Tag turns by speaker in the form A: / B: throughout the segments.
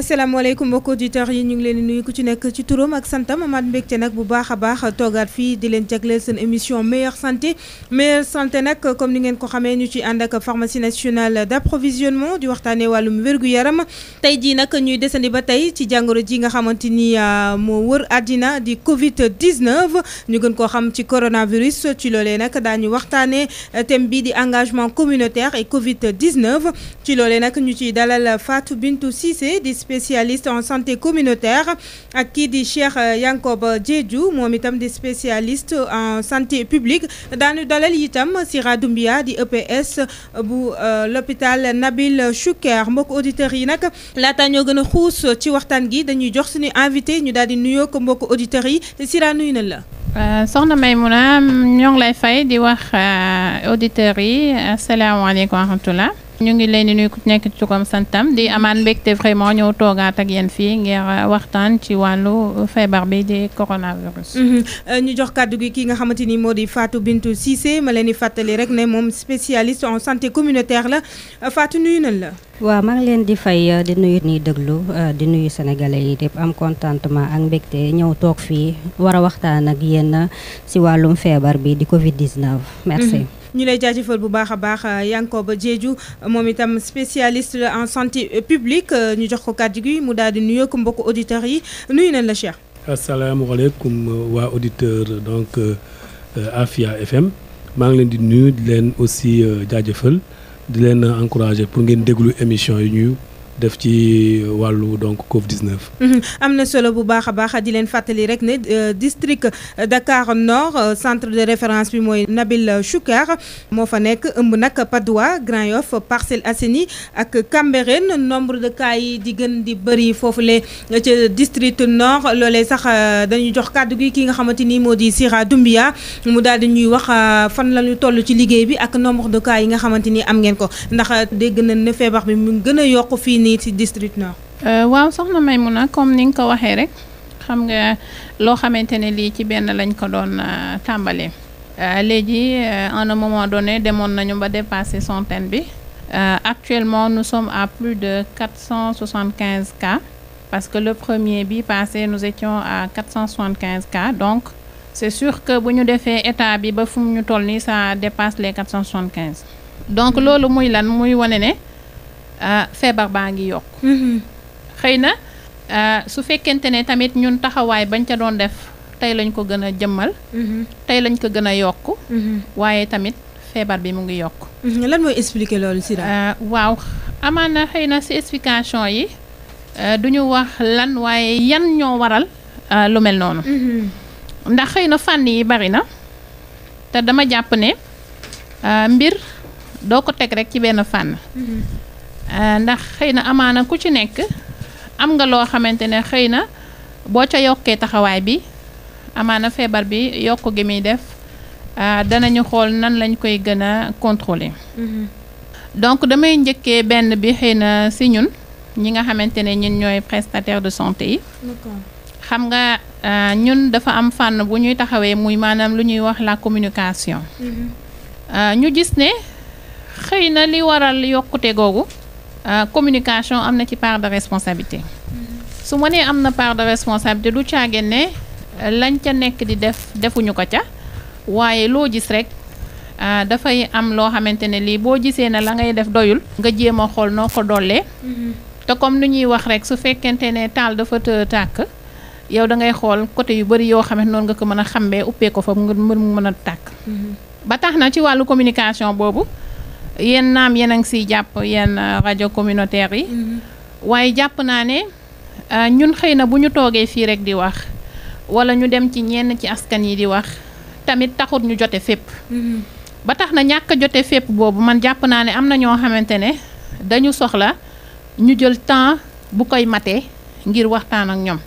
A: asalaamaaleykum mbokk auditeurs yi ñu ngi leen di nuy ku ci nekk ci turam ak santam amaat mbégte nag bu baax a baax toogaat fii di leen jagleel seen émission meilleure santé meilleure santé nag comme ni ngeen ko xamee ñu ci ànd ak pharmacie nationale d'approvisionnement di waxtaanee wàllum wér-gu-yaram tey jii nag ñuy desandi ba tey ci jàngoro ji nga xamante ni euh, moo wër àddina di Covid 19 ñu gën koo xam ci coronavirus ci loolee nag daañu waxtaanee euh, thème bii di engagement communautaire et Covid 19 ci loolee nag ñu ciy dalal Fatou Bintou Cissé di. spécialiste en santé communautaire ak kii di Cheikh euh, Yankoba euh, Diédiou moom itam di spécialiste en santé publique daanu dalal itam Sira Doumbia di EPS bu euh, l'hôpital Nabil Choucair mbokk auditeurs yi nag laata ñoo gën a xuus ci waxtaan gi dañuy jox suñu invité ñu daal di nuyoo ko mbokk auditeurs yi Sira nuyu na
B: la. soxna Maymuna ñoo ngi lay fay di wax auditeurs yi asalaamaaleykum wa ñu ngi leen di nuyu nekk ci turam santam di amaan mbégte vraiment ñëw toogaat ak yéen fii ngir euh, waxtaan ci wàllu euh, feebar bi di coronavirus. Mhm.
A: Euh, ñu jox kàddu gi ki nga xamante ni moo di Fatou Bintou Cissé ma leen di fàttali rek ne moom spécialiste en santé communautaire la Fatou nuyu nañ la.
C: waaw man ngi leen di fay di nuyu ñuy déglu di nuyu sénégalais yi yëpp am contentement ak mbégte ñëw toog fii wara waxtaan ak yéen si wàllum feebar bi di Covid 19. merci. Mhm.
A: ñu lay jaajëfal bu baax a baax euh, Yankoba Diédhiou moom itam spécialiste en santé publique euh, ñu jox ko kàddu gi mu daal di nuyoo ko mbokk auditeurs yi nuyu leen la Cheikh.
D: asalaamaaleykum euh, waa auditeur donc Afia FM maa ngi leen di nuyu di leen aussi jaajëfal di leen encourager pour ngeen déglu émission yi ñuy def ci wàllu donc Covid 19.
A: Mm-hmm. am na solo bu baax a baax di leen fàttali rek ne euh, district Dakar Nord euh, centre de référence bi mooy Nabil Choukar moo fa nekk ëmb nag Padoua Grand Yoff Parcelles Assainies ak Cambérène nombre de cas yi di gën di bëri foofule euh, ca district Nord loolee sax dañuy jox kàddu gi ki nga xamante ni moo di Sira Doumbia mu daal di ñuy wax fan la ñu ci liggéey bi ak nombre de cas yi nga xamante ni am ngeen ko ndax dégg nañ ne feebar bi nii ci district nord.
B: Euh, waaw soxna Maymuna comme ni nga ko waxee rek xam nga loo xamante ne lii ci benn lañ ko doon euh, tàmbalee. Euh, léegi en un moment donné demoon nañu ba dépasser centaine bi. actuellement nous sommes à plus de quatre cent soixante quinze cas parce que le premier bi passé nous étions à quatre cent soixante quinze cas donc c' est que bu ñu defee état bi ba fu mu ñu toll nii ça dépasse les quatre cent soixante quinze. donc mm. loolu muy lan muy wane ne. Euh, feebar baa ngi yokk mm-hmm. xëy na euh, su fekkente ne tamit ñun taxawaay bañ ca doon def tey lañ ko gën a jëmmal mm-hmm. tey lañ ko gën a yokk mm-hmm. waaye tamit feebar bi mu ngi yokk lan mooy expliquer loolu si daal euh, waaw amaana xëy na si yi du wax lan waaye yan ñoo waral lu mel noonu ndax xëy na fànn yi bari na te dama jàpp ne mbir doo ko teg rek ci benn fànn Eh, ndax xëy na amaana ku ci nekk am nga loo xamante ne xëy na boo ca yokkee taxawaay bi amaana feebar bi yokk gi muy def eh, danañu xool nan lañ koy gën a contrôler mm-hmm. donc damay njëkkee benn bi xëy na si ñun ñi nga xamante ne ñun ñooy prestataire de santé yi xam nga eh, ñun dafa am fànn bu ñuy taxawee muy maanaam lu ñuy wax la communication
E: mm-hmm.
B: ñu gis ne xëy na li waral yokkute googu Euh, communication am na ci part de responsabilité su ma nee am na part de responsabilité du caage ne euh, lañ ca nekk di def defuñu ko ca waaye loo gis rek euh, dafay am loo xamante ne lii boo gisee ne la ngay def doyul nga jéem a xool noo ko dollee mm-hmm. te comme ni ñuy wax rek su fekkente ne taal dafa të tàkk yow da ngay xool côté yu bari yoo xamante noonu nga ko mën a xambee uppee ko fa nga mën mën a tàkk mm-hmm. ba tax na ci wàllu communication boobu yéen naam yéen a ngi siy jàpp yenn euh, rajo communautaire yi. Mm-hmm. waaye jàpp naa ne euh, ñun xëy na bu ñu toogee fii rek di wax wala ñu dem ci ñenn ci askan yi di wax tamit taxut ñu jote fépp. Mm-hmm. ba tax na ñàkk a jote fépp boobu man jàpp naa ne am na ñoo xamante ne dañu soxla ñu jël temps bu koy matee ngir waxtaan ak ñoom.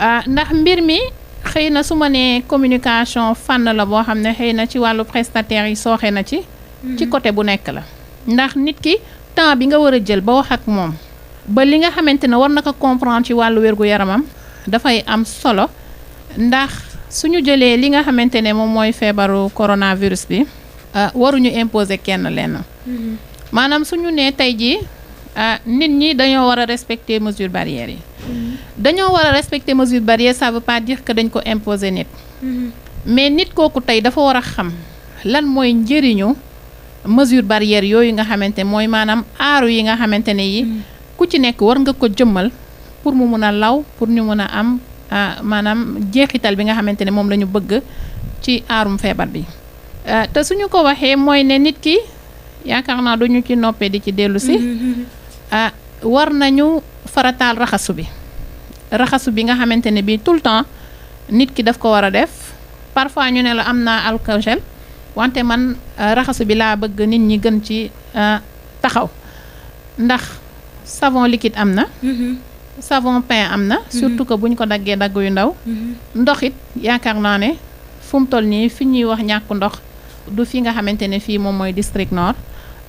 B: Euh, ndax mbir mi xëy na su ma nee communication fànn la boo xam ne xëy na ci wàllu prestataire yi sooxe na ci. Mm-hmm. ci côté bu nekk la. ndax nit ki temps bi nga war a jël ba wax ak moom ba li nga xamante ne war na ko comprendre ci wàllu wérgu yaramam dafay am solo ndax suñu jëlee li nga xamante ne moom mooy feebaru coronavirus bi euh, waruñu imposer kenn lenn. Mm-hmm. maanaam suñu nee tey jii euh, nit ñi dañoo war a respecter mesures barrières yi. Mm-hmm. dañoo war a respecter mesures barrières ça veut pas dire que dañ ko imposer nit. Mm-hmm. mais nit kooku tey dafa war a xam lan mooy njëriñu. mesure barrière yooyu nga xamante ne mooy maanaam aaru yi nga xamante ne yi mm. ku ci nekk war nga ko jëmmal pour mu mën a law pour ñu mën a am ah, maanaam jeexital bi nga xamante ne moom la ñu bëgg ci aarum feebar bi ah, te suñu ko waxee mooy ne nit ki yaakaar naa ñu ci noppee di ci dellusi mm-hmm. ah war nañu farataal raxasu bi raxasu bi nga xamante ne bii tout le temps nit ki daf ko war a def parfois ñu ne la am naa alcogel wante man euh, raxasu bi laa bëgg nit ñi gën ci euh, taxaw ndax savon liquide am na mm-hmm. savon pain am na mm-hmm. surtout que bu ko daggee dagg yu ndaw
E: mm-hmm.
B: ndox it yaakaar naa ne fu mu toll nii fi ñuy wax ñàkk ndox du fi nga xamante ne fii moom mooy district nord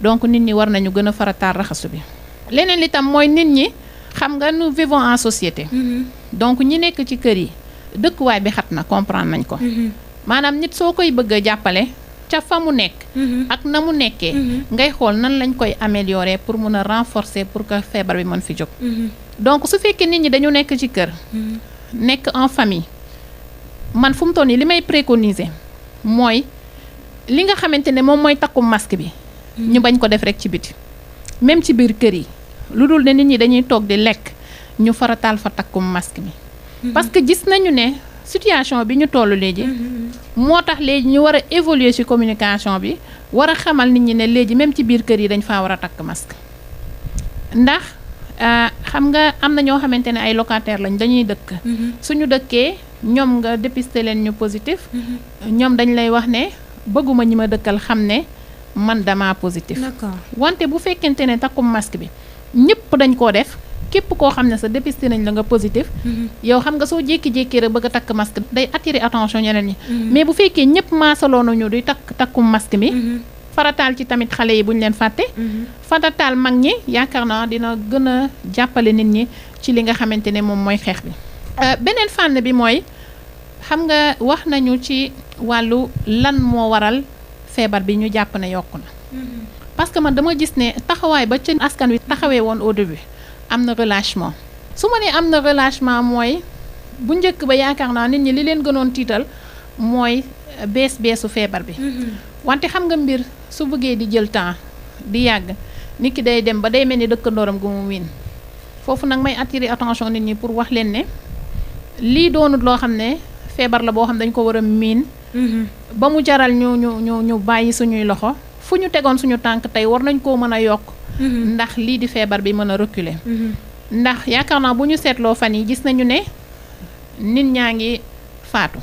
B: donc nit ñi war nañu gën a farataal raxasu bi leneen li tam mooy nit ñi xam nga nous vivons en société donc ñi nekk ci kër yi dëkkuwaay bi xat na comprendre nañ ko maanaam nit soo koy bëgg a jàppale ca fa mu nekk mm-hmm. ak na mu nekkee mm-hmm. ngay xool nan lañ koy améliorer pour mun a renforcer pour que feebar bi mën fi jóg mm-hmm. donc su fekkee nit ñi dañu nekk ci kër nekk en famille man fu mu toll nii li may préconiser mooy li nga xamante ne moom mooy takku masque bi ñu bañ ko def rek ci biti même ci biir kër yi lu dul ne nit ñi dañuy toog di lekk ñu farataal fa takkum masque bi parce gis nañu ne situation bi ñu toll léegi. moo tax léegi ñu war a évoluer ci communication bi war a xamal nit ñi ne léegi même ci biir kër yi dañ faa war a takk masque ndax euh, xam nga am na ñoo xamante ne ay locataire lañ dañuy dëkk. Mm-hmm. suñu dëkkee ñoom nga dépister leen ñu positif. Mm-hmm. ñoom dañ lay wax ne bëgguma ñi ma dëkkal xam ne man dama positif. wante bu fekkente ne takkum masque bi ñëpp dañ koo def. képp koo xam ne sa dépisté nañ la nga positif mm-hmm. yow xam nga soo jékki-jékki rek bëgg a takk masque day attirer attention ñeneen ñi mm-hmm. mais bu fekkee ñëpp maasaloonañu di takk takkum masque mi mm-hmm. farataal ci tamit xale yi bu ñu leen fàtte farataal mag ñi yaakaar naa dina gën a jàppale nit ñi ci li nga xamante ne moom mooy xeex bi euh, beneen fànn bi mooy xam nga wax nañu ci wàllu lan moo waral feebar bi ñu jàpp ne yokk na parce que man dama gis ne taxawaay ba ca askan wi taxawee woon au début am na relâchement su ma nee am na relâchement mooy bu njëkk ba yaakaar naa nit ñi li leen gënoon tiital mooy euh, bees beesu feebar bi.
E: Mhm.
B: wante xam nga mbir su bëggee di jël temps di yàgg nit ki day dem ba day mel ni dëkkandooram gu mu wiin foofu nag may attirer attention nit ñi pour wax leen ne lii doonut loo xam ne feebar la boo xam ne dañ ko war a miin. Mhm. ba mu jaral ñu ñu ñu ñu bàyyi suñuy loxo fu ñu tegoon suñu tànk tey war nañ koo mën a yokk. Mm-hmm. ndax lii di feebar bi mën a reculer. Mm-hmm. ndax yaakaar naa bu ñu seetloo fan yi gis nañu ne nit ñaa ngi faatu.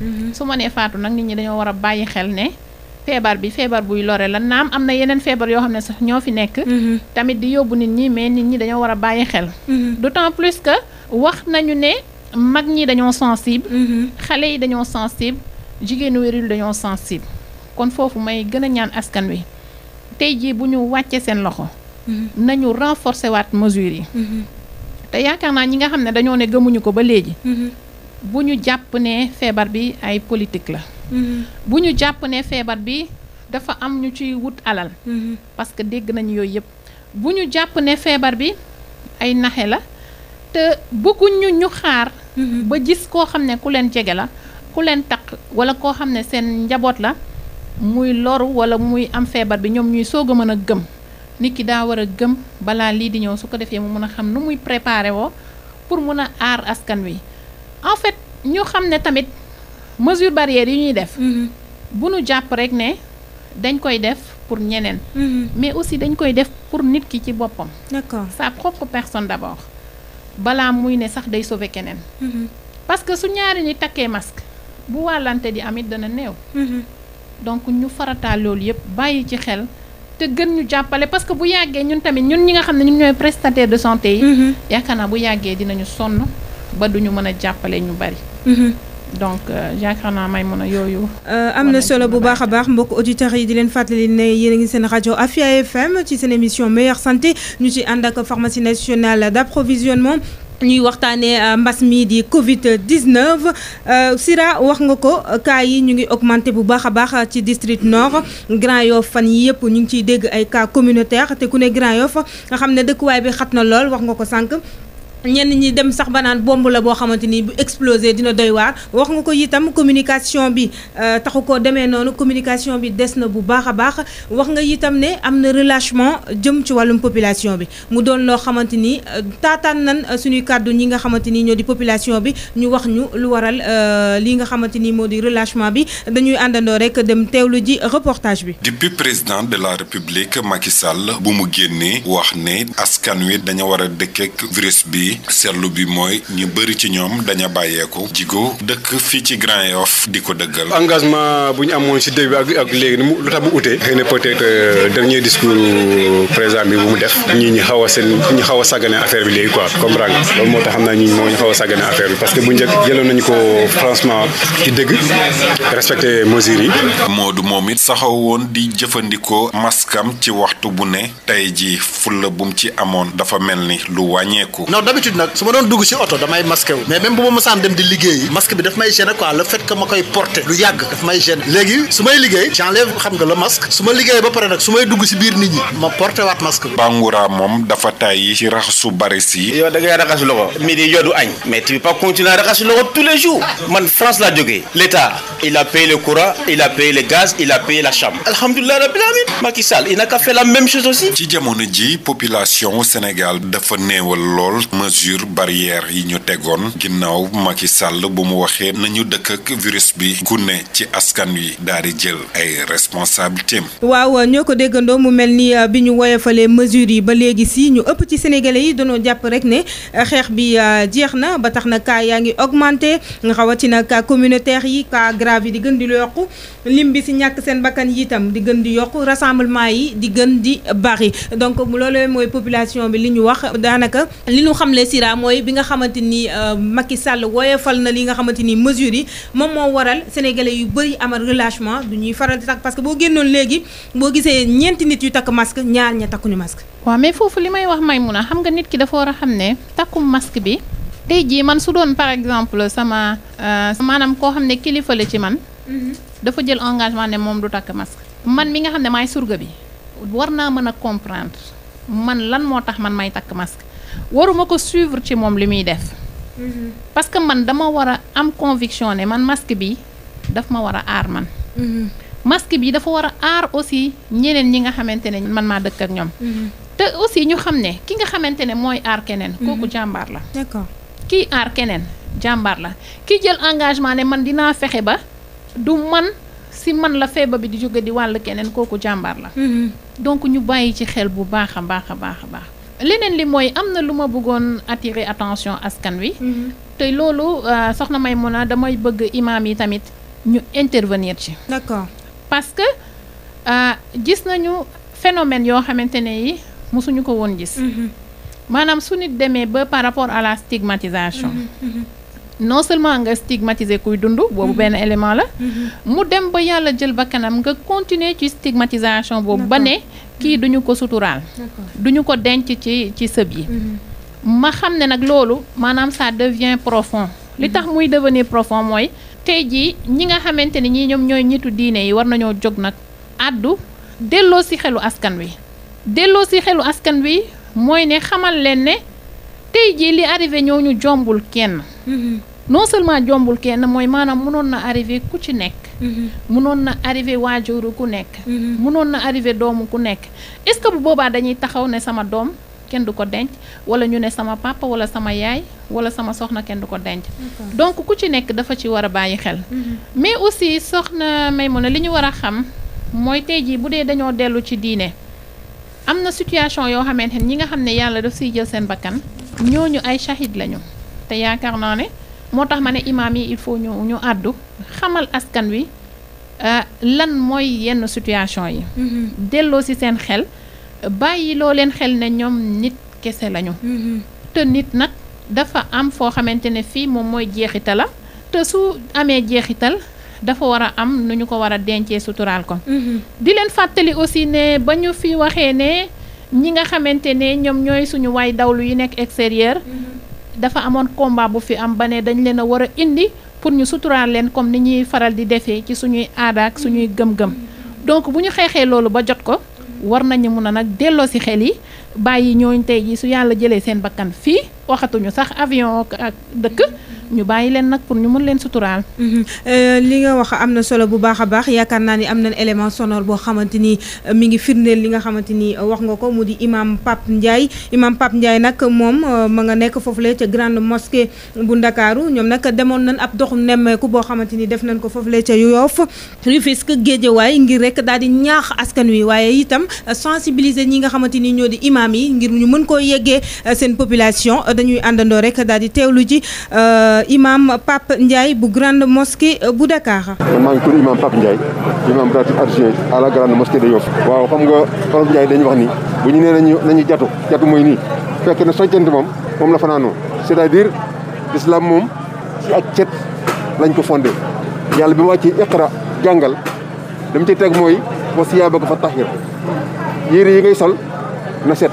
B: Mm-hmm. su ma nee faatu nag nit ñi dañoo war a bàyyi xel ne feebar bi feebar buy lore la naam am na yeneen feebar yoo xam ne sax ñoo fi nekk. tamit di yóbbu nit ñi mais nit ñi dañoo war a bàyyi xel. d'autant plus que wax nañu ne mag ñi dañoo sensible. xale yi dañoo sensible jigéenu wérul dañoo sensible kon foofu may gën a ñaan askan wi tey jii bu ñu wàccee seen loxo. Mm-hmm. nañu renforcer waat mesures yi. Mm-hmm. te yaakaar naa ñi nga xam ne dañoo ne gëmuñu ko ba léegi. Mm-hmm. bu ñu jàpp ne feebar bi ay politique la. bu ñu jàpp ne feebar bi dafa am ñu ciy wut alal. parce que dégg nañu yooyu yëpp. bu ñu jàpp ne feebar bi ay naxe la te bëgguñu ñu xaar. ba gis koo xam ne ku leen jege la ku leen taq wala koo xam ne seen njaboot la muy loru wala muy am feebar bi ñoom ñuy soog a mën a gëm. nit ki daa war a gëm balaa lii di ñëw su ko defee mu mën a xam nu muy préparer woo pour mun a aar askan wi en fait ñu xam ne tamit mesure barrière yi ñuy def. Mm-hmm. bu nu jàpp rek ne dañ koy def pour ñeneen. Mm-hmm. mais aussi dañ koy def pour nit ki ci boppam. d'accord sa propre personne d'abord balaa muy ne sax day sauver keneen. Mm-hmm. parce que su ñaari ñi takkee masque bu wàllante di am it dana néew. donc ñu farataal loolu yépp bàyyi ci xel. te gën ñu jàppale parce que bu yàggee ñun tamit ñun ñi nga xam ne ñun ñooy prestataire de santé yi. Mm-hmm. yaakaar naa bu yàggee dinañu sonn ba duñu mën a jàppale ñu bari. Mm-hmm. donc euh, yaakaar naa may mën a
A: yooyu. Euh, am na solo bu baax a baax mbokk auditeurs yi di leen fàttali ne yéen ngi seen rajo Afia FM ci seen émission meilleure santé ñu ci ànd ak pharmacie nationale d' approvisionnement. ñuy waxtaanee euh, mbas mi di Covid 19 euh, Sira wax nga ko cas yi ñu ngi augmenté bu baax a baax ci district nord Grand Yoff fan yi yëpp ñu ngi ciy dégg ay cas communautaire te ku ne Grand Yoff nga xam ne dëkkuwaay bi xat na lool wax nga ko sànq. ñenn ñi dem sax banaan bomb la boo xamante ni bu explosé dina doy waar wax nga ko itam communication bi euh, taxu koo demee noonu communication bi des na bu baax a baax wax nga itam ne am na relâchement jëm ci wàllum population bi mu doon loo xamante ni euh, taataan nan euh, suñuy kàddu ñi nga xamante ni ñoo di population bi ñu wax ñu lu waral li nga xamante ni moo di relâchement bi dañuy àndandoo rek dem teewlu ji reportage bi.
F: depuis président de la république Macky Sall bu mu génnee wax ne askan wi dañu war a dëkk ak yi seetlu bi mooy ñu bëri ci ñoom daña bàyyeeku jigo dëkk fii ci Grand Yoff di ko dëggal engagement bu ñu amoon si début bi ak léegi ni mu lu tax bu utee xëy na peut-être euh, dernier discours euh, président bi bu mu def ñii ñu xaw a seen ñu xaw a sàggane affaire bi léegi quoi comprendre loolu moo tax xam naa ñi moo ñu xaw a sàggane affaire bi parce que bu njëkk jëloon nañu ko franchement ci dëgg respecté mesures yi Modou moom it saxaw woon di jëfandikoo maskam ci waxtu bu ne tey ji fulla bu mu ci amoon dafa mel ni lu wàññeeku d'habitude su ma doon dugg ci oto damay masqué mais même bu ma mosaan dem di liggéeyi masque bi daf may gêner quoi le fait que ma koy porter lu yàgg daf may gêner léegi su may liggéey j'enlève xam nga le masque su ma liggéey ba pare nag su may dugg ci biir nit ñi ma porter waat masque bi Bangoura moom dafa tàyyi ci raxasu bari si yow da ngay raxas loxo midi yodu añ mais tu pas continuer raxas loxo tous les jours man France laa jógee l'État il a payé le courant il a payé le gaz il a payé la chambre alhamdulilah rabbil alamin Macky Sall il n'a qu'à faire la même chose aussi ci jamono ji population Sénégal dafa néewal mesures barrières yi ñu tegoon ginnaaw Macky Sall bu mu waxee nañu dëkk ak virus bi gunne ci askan wi daal di jël ay responsabilités
A: waaw ñoo ko déggandoo mu mel ni bi ñu woyofalee mesures yi ba léegi si ñu ëpp ci sénégalais yi dañoo jàpp rek ne xeex bi euh, jeex na ba tax na kaa yaa ngi augmenté nga xawatina cas communautaire yi cas grave yi di gën di yokku lim bi si ñàkk seen bakkan yi itam di gën di yokku rassemblement yi di gën di bari donc loolu mooy population ne Sira mooy bi nga xamante ni euh, Macky Sall fal na li nga xamante ni mesures yi moom moo waral sénégalais yu bëri amal relâchement du ñuy faral di takk parce que boo génnoon léegi boo gisee ñeenti nit yu takk masque ñaar
B: ña takkuñu mask waaw mais foofu li may wax Maimouna xam nga nit ki dafa war a xam ne takkum masque bi tey jii man su doon par exemple sama euh, maanaam koo xam ne kilifa la ci man. Mhm. dafa jël engagement ne moom du takk masque. man mi nga xam ne maay surga bi war naa mën a comprendre man lan moo tax man may takk masque. waruma ko suivre ci moom li muy def
E: mm-hmm.
B: parce que man dama war a am conviction ne man masque bi daf ma war a aar man mm-hmm. masque bi dafa war a aar aussi ñeneen ñi nga xamante ne man maa dëkk ak ñoom mm-hmm. te aussi ñu xam ne ki nga xamante ne mooy aar keneen kooku jàmbaar la d'accord kii aar keneen jàmbaar la kii jël engagement ne man dinaa fexe ba du man si man la feebar bi di jóge di wàll keneen kooku jàmbaar la donc ñu bàyyi ci xel bu baax a baax a baax a baax leneen li mooy am na lu ma bëggoon attirer attention askan wi. Mhm. te loolu euh, soxna may Maymuna damay bëgg imaam yi tamit ñu intervenir ci. d'accord parce que euh, gis nañu phénomène yoo xamante ne yi mosuñu ko woon gis. Mhm. maanaam su nit demee ba par rapport à la stigmatisation. Mm non seulement nga stigmatiser kuy dund boobu benn mhm. élément la mhm. mu dem ba yàlla jël ba kanam nga continuer ci stigmatisation boobu ba ne kii mhm. duñu ko suturaal duñu ko denc ci ci sëb yi ma xam ne nag loolu maanaam ça devient profond li tax muy devenir profond mooy tey jii ñi nga xamante ni ñii ñoom ñooy ñitu diine yi war nañoo jóg nag àddu delloo si xelu askan wi delloo si xelu askan wi mooy ne xamal leen ne tey jii li arrivé ñu jombul kenn non seulement jombul kenn mooy maanaam mënoon na arrivé ku ci nekk mënoon mhm. na arrivé waajuru ku nekk mënoon mhm. na arrivé doomu ku nekk est ce que bu boobaa dañuy taxaw ne sama doom kenn du ko denc wala ñu ne sama papa wala sama yaay wala sama soxna kenn du ko denc donc ku ci nekk dafa ci war a bàyyi xel mhm. mais aussi soxna Maymuna li ñu war a xam mooy tey jii bu dee dañoo dellu ci diine am na situation yoo xamante ne ñi nga xam ne yàlla def siy jël seen bakkan ñooñu ay shahid lañu moo tax ma ne imaam yi il faut ñu ñu àddu xamal askan wi euh, lan mooy yenn situation yi mm-hmm. delloo ci seen xel bàyyiloo leen xel ne ñoom nit kese lañu mm-hmm. te nit nag dafa am foo xamante ne fii moom mooy jeexital la te su amee jeexital dafa war a am nu ñu ko war a dencee suturaal ko mm-hmm. di fàttali aussi ne ba ñu fi waxee ne ñi nga xamante ne ñoom ñooy suñu waay dawlu yi nekk extérieur dafa amoon combat bu fi am ba ne dañu leen a war a indi pour ñu suturaal leen comme ni ñuy faral di defee ci suñuy aada ak suñuy gëm-gëm donc bu ñu xeexee loolu ba jot ko war nañu mun a nag delloo si xel yi bàyyi ñooñ tey jii su yàlla jëlee seen bakkan fii waxatuñu sax avion ak dëkk ñu bàyyi leen nag pour ñu mën leen suturaal. Mhm. Euh, li nga wax am na solo
A: bu baax a baax yaakaar naa ni am na élément sonore boo xamante ni euh, mi ngi firndeel li nga xamante ni euh, wax nga ko mu di imam Pape njaay imam Pape njaay nag moom ma nga nekk foofu foofule ca grande mosquée bu Ndakaaru ñoom nag demoon nañ ab doxu nemmeeku boo xamante ni def nañ ko foofule ca Yoff Rufisque Guédiawaye ngir rek imaam yi ngir ñu mën koo yeggee euh, seen population euh, dañuy àndandoo rek daal di teewlu ji euh, imaam Pape Ndiaye bu grande mosquée bu Dakar.
G: maa ngi tudd imaam Pape Ndiaye imaam ratib adjoint à la grande mosquée waaw xam nga Pape Ndiaye dañuy wax ni bu ñu nee nañu nañu jatu jatu mooy nii fekk na soccante moom moom la fanaanoo c'est-à-dire l'islam moom ci ak cet lañ ko fonde yàlla bi mu wàccee iqra jàngal dama ci teg mooy wasiyaabaka fa tahir yére yi ngay sol na set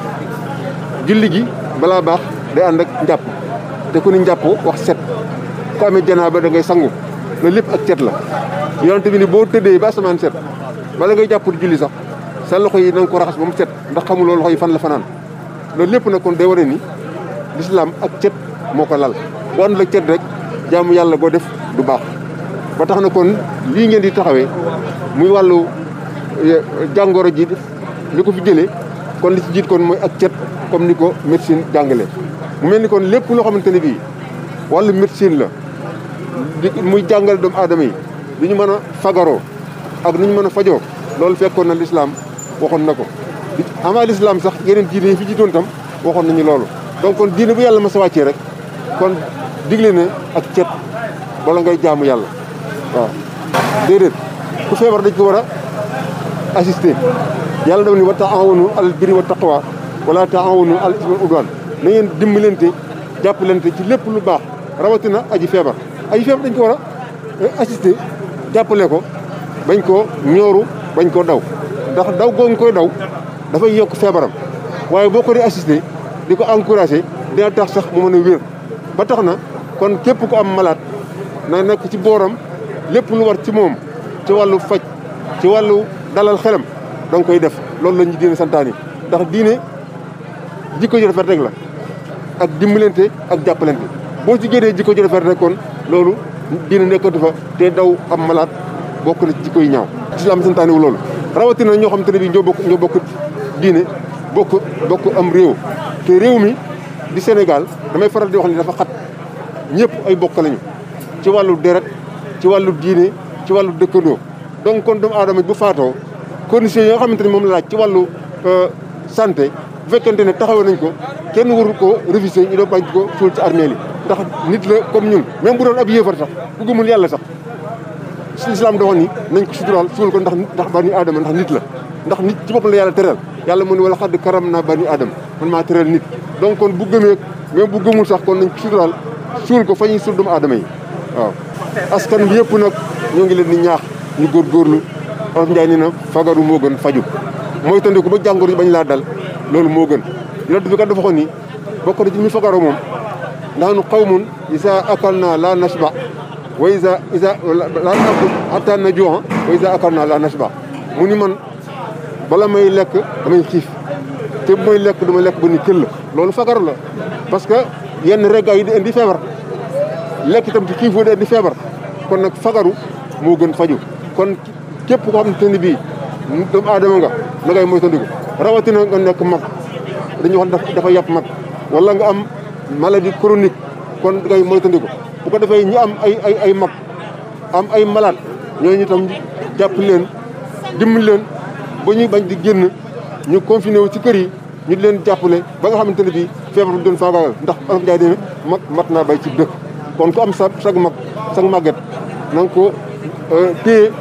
G: julli gi balaa baax day ànd rek njàpp te ku ni njàpp wax set ku amee janaaba da ngay sangu loolu lépp ak set la yonent bi ni boo tëddee ba asamaan set bala ngay jàpp di julli sax sa loxo yi na nga raxas ba mu set ndax xamuloo loxo yi fan la fanaan loolu lépp nag kon day wane ni lislaam ak set moo ko lal boo àndul ak set rek jaamu yàlla goo def du baax ba tax na kon lii ngeen di taxawee muy wàllu eh, jàngooro ji li ko fi jëlee kon li ci jiit kon mooy ak cet comme ni ko médecine jàngale mu mel ni kon lépp loo xamante ne bii walla médecine la muy jàngale doomu aadama yi du ñu mën a fagaroo ak nu ñu mën a fajoo loolu fekkoon na lislaam waxoon na ko avant lislaam sax yeneen diine yi fi jiitoon tam waxoon nañu loolu donc kon diine bu yàlla ma sa wàccee rek kon digle na ak cet wala ngay jaamu yàlla waaw déedéet ku feebar dañ ko war a assister yàlla dafa ni wa taawanu al birri wa tax taqwa wala taawanu al ismi wal udwan na ngeen jàpp jàppalante ci lépp lu baax rawatina aji feebar aji feebar dañ ko war a eh, jàppale ko bañ koo ñooru bañ koo daw ndax daw googu koy daw dafay yokk feebaram waaye boo ko di assister di ko encouragé dina tax sax mu mën a wér ba tax na kon képp ko am malaat na nekk ci booram lépp lu war ci moom ci wàllu faj ci wàllu dalal xelam da koy def loolu la ñu diine santaani ndax diine jikko ju rafet rek la ak dimbalante ak jàppalante boo ci génnee jikko ju rafet rek kon loolu diine nekkatu fa te daw am malaat bokk na ci jikko yi ñaaw islam santaani wu loolu rawatina ñoo xam te ne bi ñoo bokk ñoo bokk diine bokk bokk am réew te réew mi di Sénégal damay faral di wax ni dafa xat ñëpp ay bokk lañu ci wàllu deret ci wàllu diine ci wàllu dëkkandoo don kon doomu aadama bu faatoo conditions yi nga xamante ne moom la ci wàllu euh, santé fekkente ne taxawee nañ ko kenn warul ko réviser ñu doon bañ ko suul ci armée li ndax nit la comme ñun même bu doon ab yéefar sax yàlla sax si islam doxoon ni nañ ko suturaal suul ko ndax ndax bani aadama ndax nit la ndax nit ci boppam la yàlla teral yàlla mu ne wala xadd karam naa bani aadama man maa teral nit donc kon bu gëmee même bu gëmul sax kon nañ ko suturaal suul ko fa ñuy suul doomu aadama yi waaw askan bi yëpp nag ñoo ngi leen di ñaax ñu góorgóorlu olof Njaay nee na fagaru moo gën faju mooy tënd ko ba jàngoro yi bañ laa dal loolu moo gën yonent bi kat dafa xoon ni bokk na ci mi fagaru moom ndaanu qawmun isa akalna la nashba wa isa isa la nakul hatta najua wa isa la nashba mu ni man bala may lekk damay xiif te bu may lekk damay lekk ba ni këll loolu fagaru la parce que yenn reggaay yi di feebar lekk itam ci xiifoo di feebar kon nag fagaru moo gën faju kon képp koo xam ne bii doomu aadama nga la ngay moytandiku rawatina nga nekk mag dañuy wax dafa yàpp mag walla nga am di chronique kon ngay moytandiku bu ko defee ñi am ay ay ay mag am ay malade ñooñu itam jàpp leen dimbali leen ba ñuy bañ di génn ñu confiné wu ci kër yi ñu di leen jàppale ba nga xamante ne bii feebar du doon faagaagal ndax alaf jaay dee mag mat naa bay ci dëkk kon ku am sa sag mag sag màgget na ko euh, téye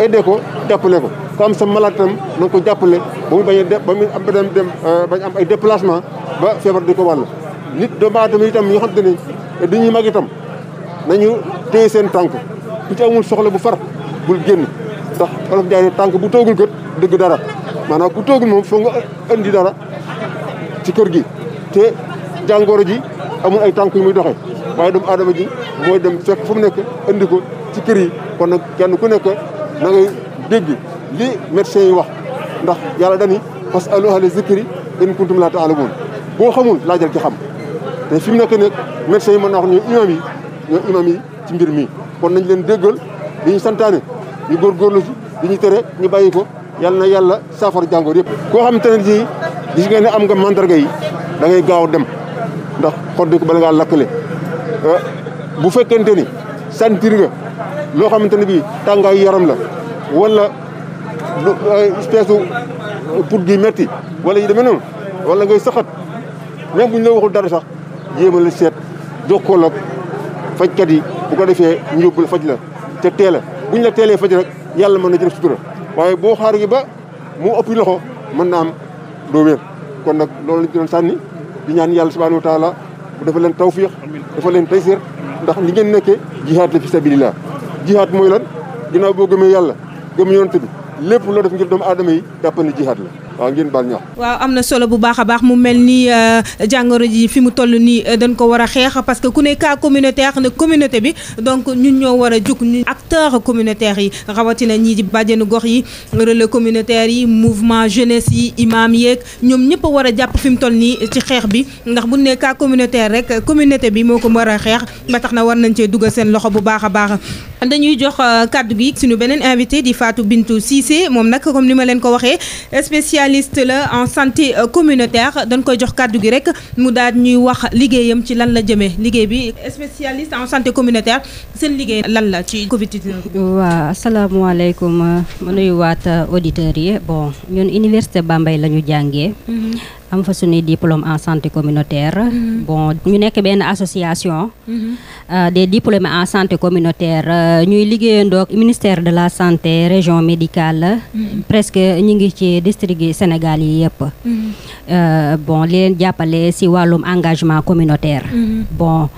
G: aidé ko jàppale ko ku am sa malade tam na ko jàppale ba mu bañ ba mu am dem dem euh, bañ am ay déplacement ba feebar di ko wàll nit doomu aadama itam yoo xam te ni du ñuy mag itam nañu téye seen tànk ku ci amul soxla bu far bul génn sax olof jaay ne tànk bu toogul kët dëgg dara maanaam ku toogul moom foog nga indi dara ci kër gi te jàngooro ji amul ay tànk yu muy doxee waaye doomu adama ji mooy dem fekk fu mu nekk indi ko ci kër yi kon nag kenn ku nekk da ngay dégg li médecins yi wax ndax yàlla dani fasalu ahla zikri in kuntum laa ta'lamuun boo xamul laajal ci xam te fi mu nekk nag médecins yi mën naa wax ñooy imam yi ñooy ci mbir mi kon nañ leen déggal li ñu santaane ñu góorgóorlu ci li ñu tere ñu bàyyi ko yàlla na yàlla saafara jàngoor yëpp koo xam te ne ji gis nga ne am nga mandarga yi da ngay gaaw dem ndax xoddi ko bala ngaa lakkale euh, bu fekkente ni sentir nga loo xamante ne bii tàngaayu yaram la wala lu espèce pour gi metti wala yi demee noonu wala ngay saxat même bu ñu la waxul dara sax jéema la seet jokkoo ak fajkat yi bu ko defee ñu yóbbul faj la te teel a bu la teelee faj rek yàlla mën na jël sutura waaye boo xaar gi ba mu ëpp loxo mën naa am doo wér kon nag loolu lañ doon sànni di ñaan yàlla subhanahu wa taala bu dafa leen tawfiix dafa leen taysir ndax li ngeen nekkee jihaad la fi jihaat mooy lan ginnaaw boo gëmee yàlla gëm yonent bi lépp loo def ngir doomu aadama yi jàpp ne jihaat la waaw ngeen baal ñax
A: waaw am na solo bu baax a baax mu mel ni euh, jàngoro ji fi mu toll nii euh, dañ ko war a xeex parce que ku ne cas communautaire na communauté bi donc ñun ñoo war a jug ñu acteurs communautaires yi rawatina ñii di bàjjenu gox yi relais communautaire yi mouvement jeunesse yi imam yeeg ñoom ñëpp a war a jàpp fi mu toll nii ci xeex bi ndax bu ne cas communautaire rek communauté bi moo ko war a xeex ba tax na war nañ cee dugal seen loxo bu baax a baax dañuy jox euh, kàddu gi suñu beneen invité di Fatou Bintou Cissé moom nag comme ni ko waxee spécialiste la en santé euh, communautaire dañ koy jox kàddu gi rek mu daal ñuy wax liggéeyam ci lan la jëmee liggéey bi spécialiste en santé communautaire seen liggéey lan la ci Covid waa
C: waaw asalaamaaleykum ma nuyu waat euh, auditeurs yi bon ñun université bambay la ñu jàngee. Mhm. am fa suñuy diplôme en santé communautaire mhm. bon ñu nekk benn association mhm. euh, des diplômés en santé communautaire euh, ñuy liggéeyandoo ministère de la santé région médicale mhm. presque ñu ngi ci district yi Sénégal yi yëpp euh, bon leen jàppale si wàllum engagement communautaire bon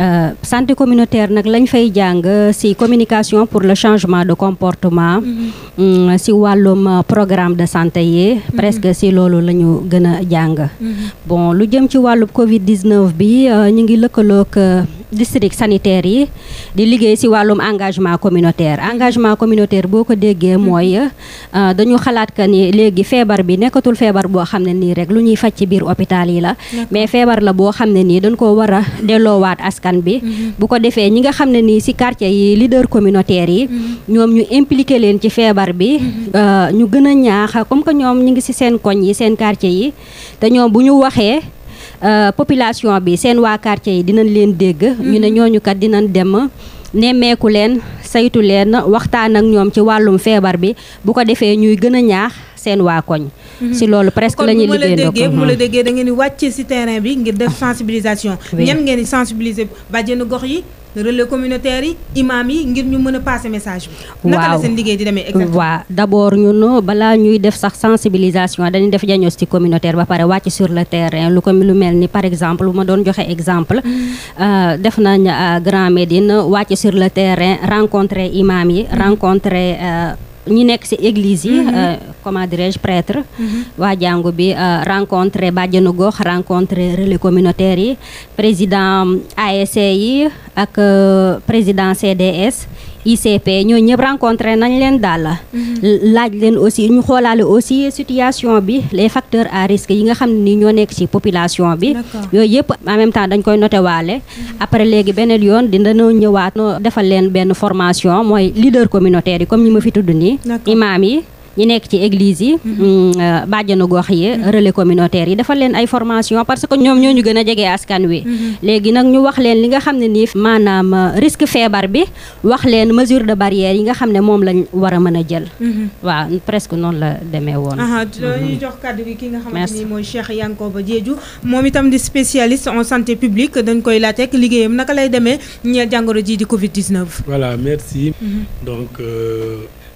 C: Euh, santé communautaire nag lañ fay jàng si communication pour le changement de comportement mm-hmm. mm, si wàllum euh, programme de santé yi mm-hmm. presque si loolu lañu ñu gën a jàng mm-hmm. lu jëm ci wàllu covid 19 bi euh, ñu ngi lëkkaloog district sanitaire yi di liggéey si wàllum engagement communautaire engagement communautaire boo ko déggee mooy mm-hmm. euh, dañu xalaat que ni léegi feebar bi nekkatul feebar boo xam ne nii rek lu ñuy faj ci biir hôpital yi la mais feebar la boo xam ne nii dañ ko war a delloowaat askan bi mm-hmm. bu ko defee ñi nga xam ne nii ci quartier yi leader communautaire yi mm-hmm. ñoom ñu impliqué leen ci feebar bi euh, ñu gën a ñaax comme que ñoom ñu ngi ci seen koñ yi seen quartier yi te ñoom bu ñu waxee Euh, population bi seen waa quartier yi dinañ leen dégg. ñu ne mhm. ñooñu kat dinañ dem nemmeeku leen saytu leen waxtaan ak ñoom ci wàllum feebar bi bu ko defee ñuy gën a ñaax. seen waa koñ. Mhm. si loolu presque la ñuy liggéeyandoo kon bu ma la
A: déggee da ngeen di wàcce si terrain bi ngir def ah. sensibilisation. ñan ngeen di sensibiliser bàjjenu gox yi. relais communautaire yi imaam yi ngir ñu mën a passer message bi. naka la seen liggéey di demee exactement waaw
C: d' abord ñun euh, ñuy def sax sensibilisation dañuy def diagnostic communautaire ba pare wàcc sur le terrain lu ko lu mel ni par exemple bu ma doon joxe exemple. Mm. Euh, def nañ Grand Médine wàcc sur le terrain ñi nekk ci église yi mhm. euh, comment dirais-je prêtre mhm. waa jàngu bi euh, rencontré bàjjenu gox rencontré relais communautaire yi président ASC e yi ak euh, président CDS ICP ñooñu ñëpp rencontré nañ leen daal mm-hmm. laaj leen aussi ñu xoolaale aussi situation bi les facteurs à risque yi nga xam ne ni ñoo nekk ci population bi yooyu yëpp en même temps dañ koy noté waale mm-hmm. après léegi beneen yoon dina ñëwaat defal leen benn formation mooy lider communautaire yi comme ñi ma fi tudd nii imaam yi ñi nekk ci église yi mhm. mm, euh, bàjjanu gox yi mhm. relais communautaire yi defal leen ay formation parce que ñoom ñoo ñu gën a jege askan wi mhm. léegi nag ñu wax leen li nga xam ne nii maanaam euh, risque feebar bi wax leen mesure de barrière yi nga xam ne moom
A: lañ war a mën a jël waaw presque noonu la demee woon euh, ñu jox kàddu gi ki nga xamante ni mooy Cheikh Yankoba Diédhiou moom itam di spécialiste en santé publique dañ koy laaj ak liggéeyam naka lay demee ñeel jàngoro ji di Covid 19
D: voilà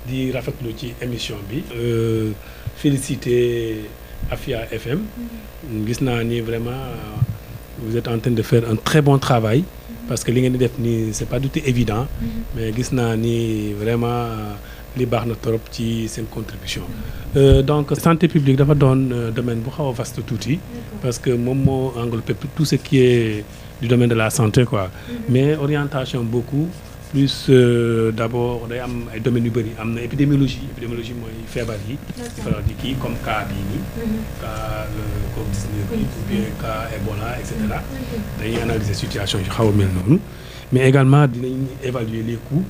D: di rafetlu ci émission bi. Euh, féliciter Afia FM. Mm-hmm. gis naa ni vraiment vous êtes en train de faire un très bon travail. Mm-hmm. parce que li ngeen di def nii c'est pas du tout évident. Mm-hmm. mais gis naa ni vraiment li baax na trop ci seen contribution. Euh, donc santé publique dafa doon euh, domaine bu xaw a vaste tuuti. parce que moom moo englobe tout ce qui est du domaine de la santé quoi. mais orientation beaucoup. plus euh, d' abord day am ay domaines yu bëri am na épidémiologie épidémiologie mooy feebar yi. feebar yi kii comme cas bii nii. Mhm. cas euh, Covid-19 bi ou bien cas Ebola et cetera. Mhm. dañuy situation yu xaw a mel noonu mais également dinañ évaluer le coûts.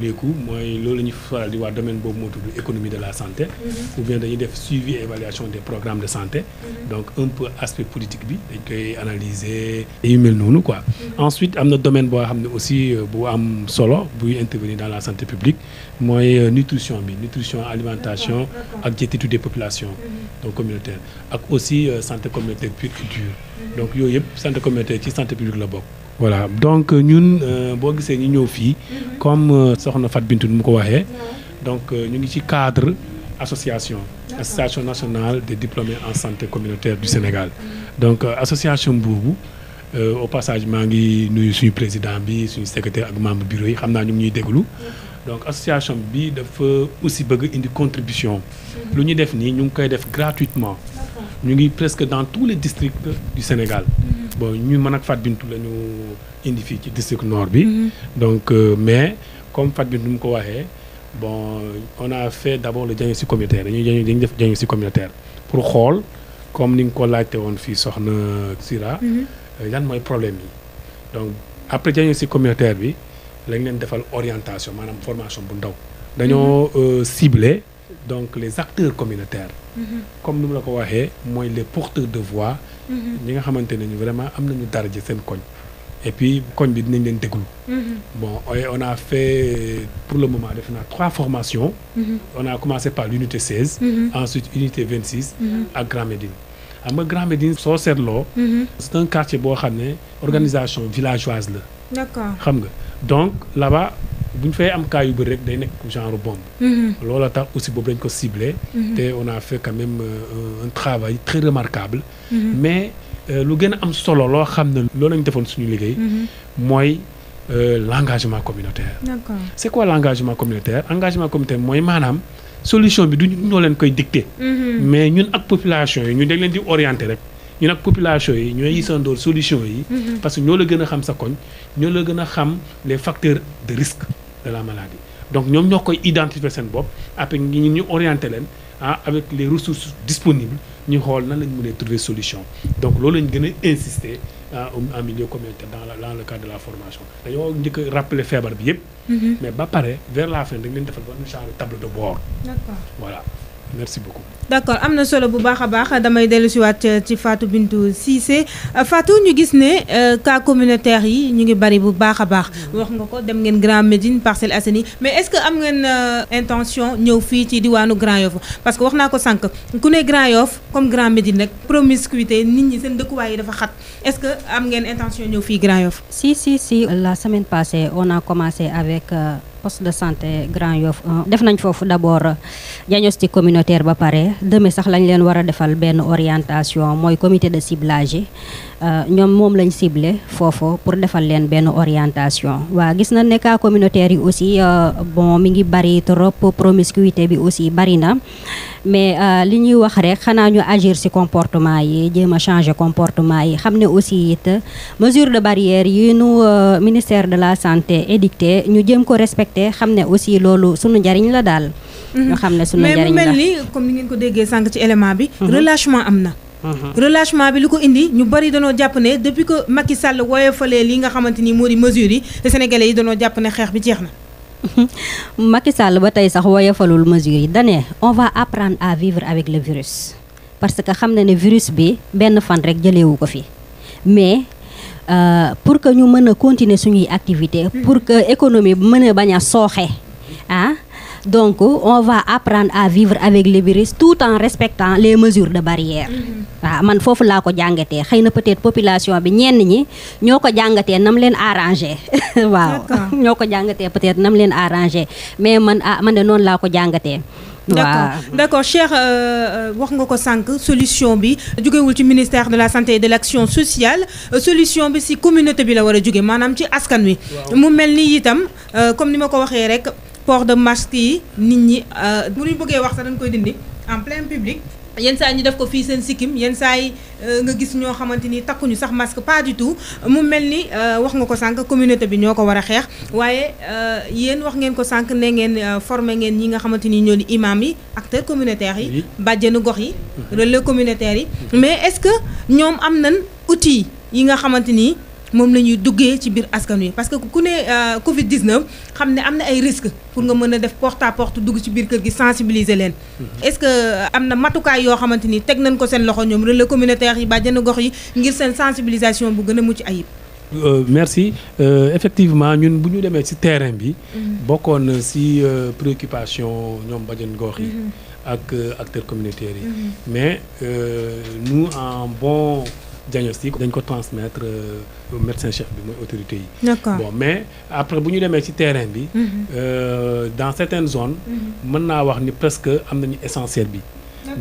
D: appliqué mooy loolu ñu faral di wax domaine boobu moo tudd économie de la santé. Mm-hmm. ou bien dañuy def suivi et évaluation des programmes de santé. Mm-hmm. donc un peu aspect politique bi dañ koy analyser yu mel noonu quoi. Mm-hmm. ensuite am na domaine boo xam ne aussi euh, bu am solo buy intervenir dans la santé publique mooy euh, nutrition bi nutrition alimentation ak diététique de population donc communautaire ak aussi euh, santé communautaire pure et donc yooyu yëpp santé communautaire ci santé publique la bokk. voilà donc euh, ñun euh, boo gisee ñu ñëw fii comme euh, soxna Fat Bintou mu ko waxee donc ñu ngi ci cadre association association nationale de diplômés en santé communautaire du Sénégal donc association boobu au passage maa ngi nuyu suñu président bi suñu secrétaire ak membre bureau yi xam naa ñu ngi ñuy déglu donc association bi dafa aussi bëgg indi contribution lu ñu def nii ñu ngi koy def gratuitement ñu ngi presque dans tous les districts du Sénégal mm-hmm. bon ñu mën ak Fatou Bintou la ñu indi fii ci district nord bi. Mhm. donc euh, mais comme Fatou Bintou mu ko waxee bon on a fait d' abord le si communautaire dañuy dañuy def diagnostic communautaire pour xool comme ni nga ko laajte woon fii soxna Sira. Mhm. Euh, lan mooy problème yi donc après diagnostic communautaire bi lañ leen defal orientation maanaam formation bu ndaw. dañoo mhm. euh, cibler donc les acteurs communautaires. comme ni mu la ko waxee mooy les porteurs de voix. Mm-hmm. ñi nga xamante ne vraiment am nañu daraja seen koñ. et puis koñ bi dinañ leen déglu. Mm-hmm. bon on a fait pour le moment def na trois formations. Mm on a commencé par l'unité 16. Mm -hmm. ensuite unité 26. ak Grand Médine xam nga Grand Médine soo seetloo. c'est un quartier boo xam ne organisation villageoise la. d'accord xam nga donc là bu ñu fay am cas yu bëri rek day nekk genre bombe. Mhm. loola tax aussi boobu lañ ko ciblé. Mhm. te on a fait quand même euh, un travail très remarquable. Mhm. mais euh, lu gën a am solo loo xam ne loolu lañ defoon suñu liggéey. mooy euh, l'engagement communautaire. d'accord c'est quoi l'engagement communautaire engagement communautaire mooy maanaam solution bi du ñoo leen koy dicter.
E: mais
D: ñun ak population yi ñu dañ leen di orienter rek. ñu nag population yi ñooy yisandoor solution yi mm-hmm. parce que ñoo la gën a xam sa koñ ñoo la gën a xam les facteurs de risque de la maladie donc ñoom ñoo koy identifier seen bopp après ñi ñu orienté leen ah avec les ressources disponible ñu xool nan lañ mënee trouver solution donc loolu lañ gën a insister ah, en milieu communautaire dans la dans le cadre de la formation dañoo njëkk a feebar bi yëpp mm-hmm. mais ba pare vers la fin dañ leen defal ba une genre table de bord voilà merci beaucoup
A: d'accord am na solo bu baax a baax damay dellu siwaat euh, ci Fatou Bintou Cissé euh, Fatou ñu gis ne euh, cas communautaire yi ñu ngi bari bu baax a baax wax nga ko dem ngeen Grand Médine Parcelles Assainies mais est-ce que am ngeen intention ñëw fii ci diwaanu Grand Yoff parce que wax naa ko sànq ku ne Grand Yoff comme Grand Médine rek promiscuité nit ñi seen dëkkuwaay yi dafa xat est-ce que am ngeen intention ñëw fii Grand Yoff si
C: si si la semaine passée on a commencé avec poste de santé Grand Yoff def nañ foofu d'abord diagnostic communautaire ba pare demee sax lañ leen war a defal benn orientation mooy comité de ciblage yi euh, ñoom moom lañ ciblé foofu pour defal leen benn orientation waa gis na ne cas communautaire yi aussi euh, bon mi ngi bari trop promiscuité bi aussi bari na mais euh, li ñuy wax rek xanaa ñu agir ci comportement yi jéem a changer comportement yi xam ne aussi it mesure de barrière yi nu ministère de la santé édicté ñu jëm ko respecter xam ne aussi loolu sunu njariñ la daal
A: ñu mhm. xam ne sunu comme ni ngeen ko déggee sànq ci bi. Mhm. relâchement am na. Mhm. relâchement bi li ko indi ñu bari danoo jàpp ne depuis que Macky Sall woyofalee li nga xamante ni moo di mesures yi te sénégalais yi jàpp ne xeex bi jeex na.
C: Macky Sall ba tey sax woyofalul mesures yi dane on va apprendre à vivre avec le virus parce que xam na ne virus bi benn fan rek jëleewu ko fi mais. Euh, pour que ñu mën a continuer suñuy activité pour que économie mën a bañ a sooxe ah, donc on va apprendre à vivre avec le virus tout en respectant les mesures de barrière waaw mhm. ah, man foofu laa ko jàngate xëy na peut-être population bi ñenn ñi ñoo ko jàngatee nam leen arrangé waaw ñoo ko jàngatee peut-être nam leen arrangé mais man ah man de noonu
A: laa ko jàngatee d'accord d'accord Cheikh euh, euh, wax nga ko sànq solution bi jógewul ci ministère de la santé et de l'action sociale euh, solution bi ci communauté bi la war a jóge maanaam ci askan wi mu mel ni ni ma ko waxee rek port de masque yi nit ñi euh, bu ñu bëggee wax sax dañ koy dindi en plein public yenn saa yi ñu def ko fii seen sikkim yenn saa yi euh, nga gis ñoo xamante ni takkuñu sax masque pas du tout mu mel ni euh, wax nga ko sànq communauté bi ñoo ko war a xeex waaye yéen wax ngeen ko sànq ne ngeen formé ngeen ñi nga xamante ni ñoo di imam yi acteurs communautaires yi. bàjjenu gox yi. Mm-hmm. relais communautaire yi. mais est-ce que ñoom am na outil yi nga xamante ni. moom la ñuy duggee ci biir askan wi parce que ku ne euh, Covid 19 xam ne am na ay risques pour nga mën a def porte à porte dugg ci biir kër gi sensibiliser leen. Mhm. est-ce que euh, am na matukaay yoo xamante ni teg nañ ko seen loxo ñoom relais communautaire yi bàjjenu gox yi ngir seen sensibilisation bu gën a mucc ayib.
D: Euh, merci effectivement ñun bu ñu demee ci terrain bi. Mhm. bokkoon ci préoccupation ñoom bàjjenu gox yi. Mhm. ak acteurs communautaires yi. mais nous en bon. diagnostic dañ ko transmettre euh, médecin chef bi mooy autorité yi. bon mais après bu ñu demee ci terrain bi. Mhm. Euh, dans certaines zones. Mhm. mën naa wax ni presque am nañu essentiel bi.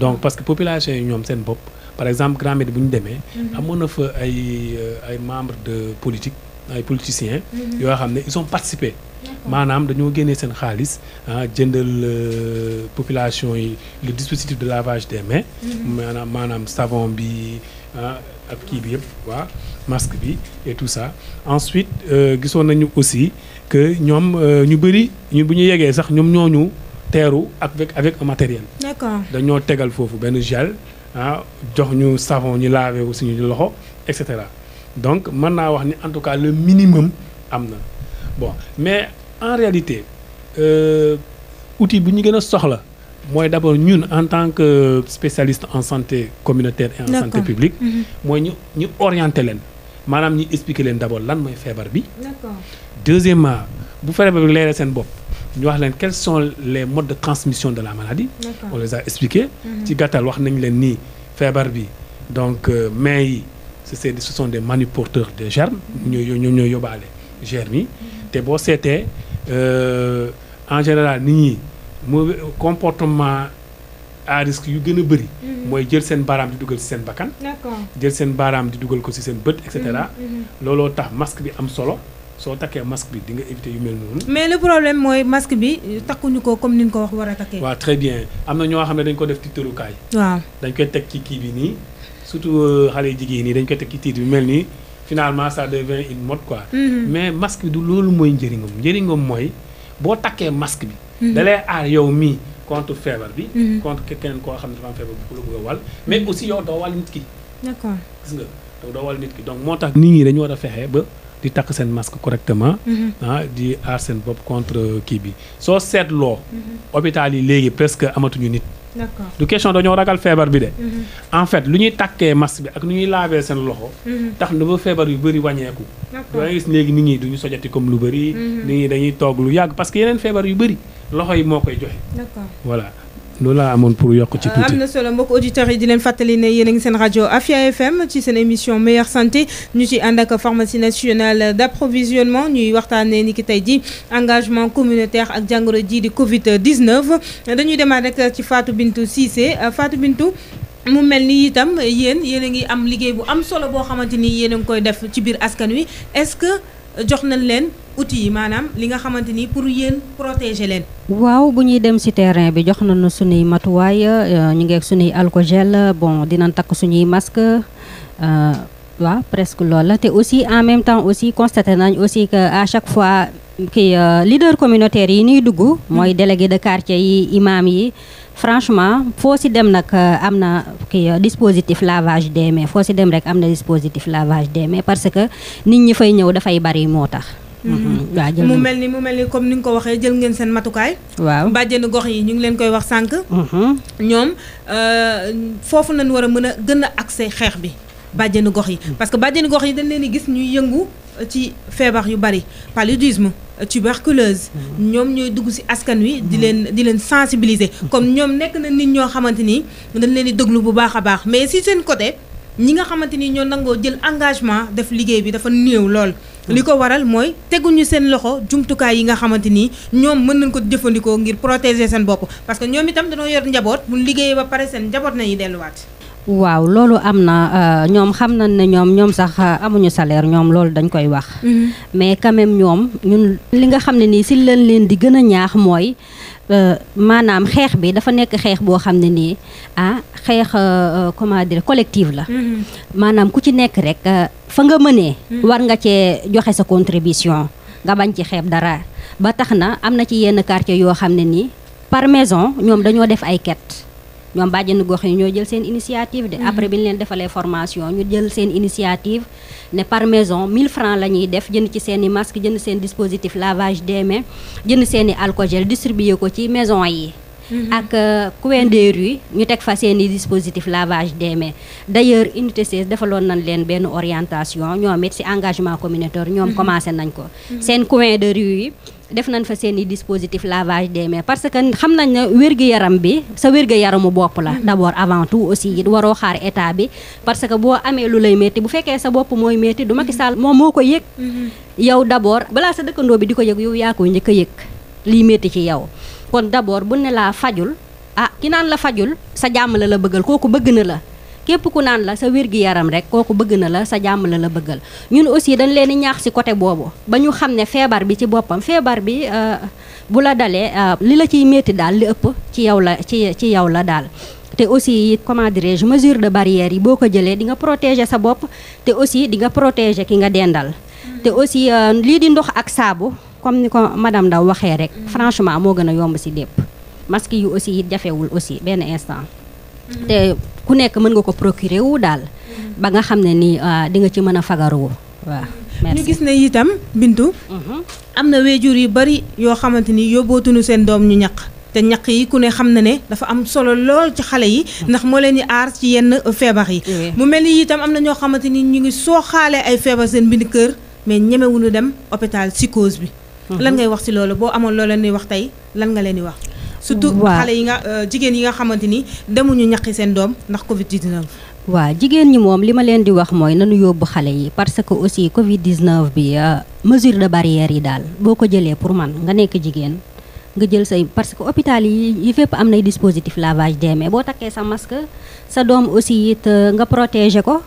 D: donc parce que population yi ñoom seen bopp par exemple Grand Médine bu ñu demee. Mhm. amoon na fa ay euh, ay de politique ay politiciens. yoo xam ne ils ont participé. maanaam dañoo génnee seen xaalis ah jëndal population yi le dispositif de lavage des mains. maanaam maanaam savon bi ah, ak kii bi yëpp waa masque bi et tout ça ensuite euh, gisoon nañu aussi que ñoom euh, ñu bëri ñu bu ñu yegee sax ñoom ñoo ñu teeru avec avec un matériel d'accord dañoo tegal foofu benn gel ah jox ñu savon ñu laver wu suñu loxo et cetera donc mën naa wax ni en tout cas le minimum am na bon mais en réalité euh, outil bu ñu gën a soxla mooy d' abord ñun en tant que spécialiste en santé communautaire et en santé publique mhm. mooy ñu ñu orienté leen maanaam ñu expliqué leen d' abord lan mooy feebar bi deuxièmement bu feebar bi leeree seen bopp ñu wax leen quels sont les modes de transmission de la maladie on les a expliqué mhm. ci gàttal wax nañ leen nii feebar bi donc euh, mains yi ce ce sont des manuporteurs de germes ñu ñoo ñoo yóbbaale germes mhm. te boo seetee euh, en général nit ñi mauvais comportement à risque yu gën a bëri. Mhm. mooy jël seen baaraam di dugal ci seen bakkan. jël seen baaraam di dugal ko ci seen bët et mhm, mhm. looloo tax masque bi am solo soo takkee masque bi di nga éviter yu mel noonu. mais
A: le problème mooy masque bi takkuñu ko comme ni nu ko wax war a takkee. waaw
D: très bien am na ñoo xam ne dañ ko def ci tërukaay. waaw dañ koy teg ci kii bi nii surtout euh, xale jigéen ñi dañ koy teg ci tiit bi mel nii finalement ça devient une mot quoi. mais masque du loolu mooy njëriñam njëriñam mooy boo takkee masque bi. Mm-hmm. dalay aar yow mii contre feebar bi. Mm-hmm. contre keneen koo xam ne dafa am feebar bu la bëgg a wàll. mais mm-hmm. aussi yow doo wàll nit ki. d'accord gis nga doo wàll nit ki donc moo tax nit ñi dañu war a fexe ba. di takk seen masque correctement. Mhm. ah di aar seen bopp contre kii bi soo seetloo. Mhm. hôpital yi léegi presque amatuñu nit. d'accord du question dañoo ragal feebar bi de. Mhm. en fait lu ñuy takkee masque bi ak nu ñuy laabee seen loxo. tax na ba feebar yu bëri wàññeeku. d'accord da gis léegi nit ñi duñu sojati comme lu bëri. nit ñi dañuy toog lu yàgg parce que yeneen feebar yu bëri loxo yi moo koy joxe.
A: d'accord
D: loolu laa amoon pour yokk ci tuuti. am
A: na solo mbokk auditeurs yi di leen fàttali ne yen a ngi seen rajo Afia FM ci seen émission meilleure santé ñu ci ànd ak pharmacie nationale d' approvisionnement ñuy waxtaanee ni ki tey ji engagement communautaire ak jàngoro ji di Covid 19. dañuy demaat rek ci Fatou Bintou Cissé faatu bintu mu mel ni itam yéen yéen a ngi am liggéey bu am solo boo xamante ni yéen a ngi koy def ci biir askan wi est ce que. jox nañ leen outils yi maanaam li nga xamante ni pour yéen protéger leen.
C: waaw bu ñuy dem ci terrain bi jox nañu suñuy matuwaay euh, ñu ngi ak suñuy alcogel bon dinañ takk suñuy masque euh, waa presque loolu la te aussi en même temps aussi constaté nañ aussi que à chaque fois kii euh, leader communautaire yi ñuy dugg. Hmm. mooy délégué de quartier yi imam yi. franchement foo si dem nag euh, am na kii euh, dispositif lavage de mais foo si dem rek am na dispositif lavage de mais parce que nit ñi fay ñëw dafay bari moo tax. Mm-hmm. Mm-hmm. waaw mu mel
A: ni mu mel ni comme ni nga ko waxee jël ngeen seen matukaay. waaw bàjjenu gox yi ñu ngi leen koy wax sànq. Mm-hmm. ñoom euh, foofu nañ war a mën a gën a accès xeex bi bàjjenu gox yi. parce que bàjjenu gox yi dañ leen di gis ñuy yëngu. ci feebar yu bari paludisme tuberculose mm-hmm. ñoom ñooy dugg ci askan wi di mm-hmm. leen di leen sensibiliser comme ñoom nekk na nit ñoo xamante ni dañ leen di déglu bu baax a baax mais si seen côté ñi nga xamante ni ñoo nangoo jël engagement def liggéey bi dafa néew lool mm-hmm. li ko waral mooy teguñu seen loxo jumtukaay yi nga xamante ni ñoom mën nañ ko jëfandikoo ngir protéger seen bopp parce que ñoom itam dañoo yor njaboot bu liggéeyee ba pare seen njaboot nañuy delluwaat
C: waaw loolu am na euh, ñoom xam nañ ne ñoom ñoom sax euh, amuñu salaire ñoom loolu dañ koy wax. Mm-hmm. mais quand ñoom ñun li nga xam ne nii si leen leen di gën a ñaax mooy. Euh, maanaam xeex bi dafa nekk xeex boo xam ne nii ah xeex comment dire collective la.
E: Mm-hmm.
C: ku ci nekk rek fa nga mënee. Mm-hmm. war nga cee joxe sa contribution nga bañ ci xeeb dara ba tax na am na ci yenn quartier yoo xam ne nii par ñoom dañoo def ay quête. ñoom bàjjenu gox yi ñoo jël seen initiative de après bi ñu leen defalee formation ñu jël seen initiative ne par maison mille francs la ñuy def jënd ci seeni i masque jënd seen dispositif lavage des mains jënd seen i alcogel distribuer ko ci maison yi mhm. ak euh, coin des rues ñu teg fa seen i dispositif lavage des mains d' ailleurs unité 16 defaloon nañ leen benn orientation ñoom it si engagement communautaire ñoom mhm. commencé nañ ko mhm. seen coin de rue yi def nañ fa seen i dispositif lavage des mains parce que xam nañ na wér-gu-yaram bi sa wér-gu-yaramu bopp la mm-hmm. d'abord avant tout aussi it waroo xaar état bi parce que boo amee lu lay métti bu fekkee sa bopp mooy métti du Macky mm-hmm. Sall moom moo ko yëg mm-hmm. yow d'abord balaa sa dëkkandoo bi di ko yëg yow yaa koy njëkk a yëg liy métti ci yow kon d'abord bu ne laa fajul ah ki naan la fajul sa jàmm la la bëggal kooku bëgg na la képp ku naan la sa wér-gi-yaram rek kooku bëgg na la sa jàmm la la bëggal ñun aussi dañ leen di ñaax si côté boobu ba ñu xam ne feebar bi ci boppam feebar bi euh, bu la dalee euh, li la ciy métti daal li ëpp ci yow la ci ci yow la daal te aussi it comment dirais-je mesure de barrière yi boo ko jëlee dinga nga protéger sa bopp te aussi di nga protéger ki nga dendal mm. te aussi euh, lii di ndox ak saabu comme ni ko madame Ndaw waxee rek mm. franchement moo gën a yomb si dépp masque yi aussi it jafewul aussi benn instant mm. ku nekk mën nga ko procurer wu daal mm-hmm. ba nga xam ne nii ah, di nga ci mën a fagaruwu
A: waaw ñu gis ne itam Bintu mm-hmm. am na wéjur yu bari yoo xamante ni yóbbootuñu seen doom ñu ñaq te ñaq yi ku ne xam ne ne dafa am solo lool ci xale yi mm-hmm. ndax moo leen di aar ci yenn feebar yi mu mel ni itam am na ñoo xamante ni ñu ngi sooxaale ay feebar seen bind kër mais ñemewuñu dem hôpital psychose bi lan ngay wax ci loolu boo amoon loolu leen di wax tey lan nga leen di wax surtout xale yi nga euh, jigéen yi nga xamante ni demuñu ñaqi seen doom ndax Covid 19.
C: waaw jigéen ñi moom li ma leen di wax mooy nanu yóbbu xale yi parce que aussi Covid 19 bi euh, mesure de barrière yi daal boo ko jëlee pour man nga nekk jigéen. nga jël say parce que hôpital yi yi fépp am nay dispositif lavage des mains boo takkee sa masque sa doom aussi it euh, nga protéger ko.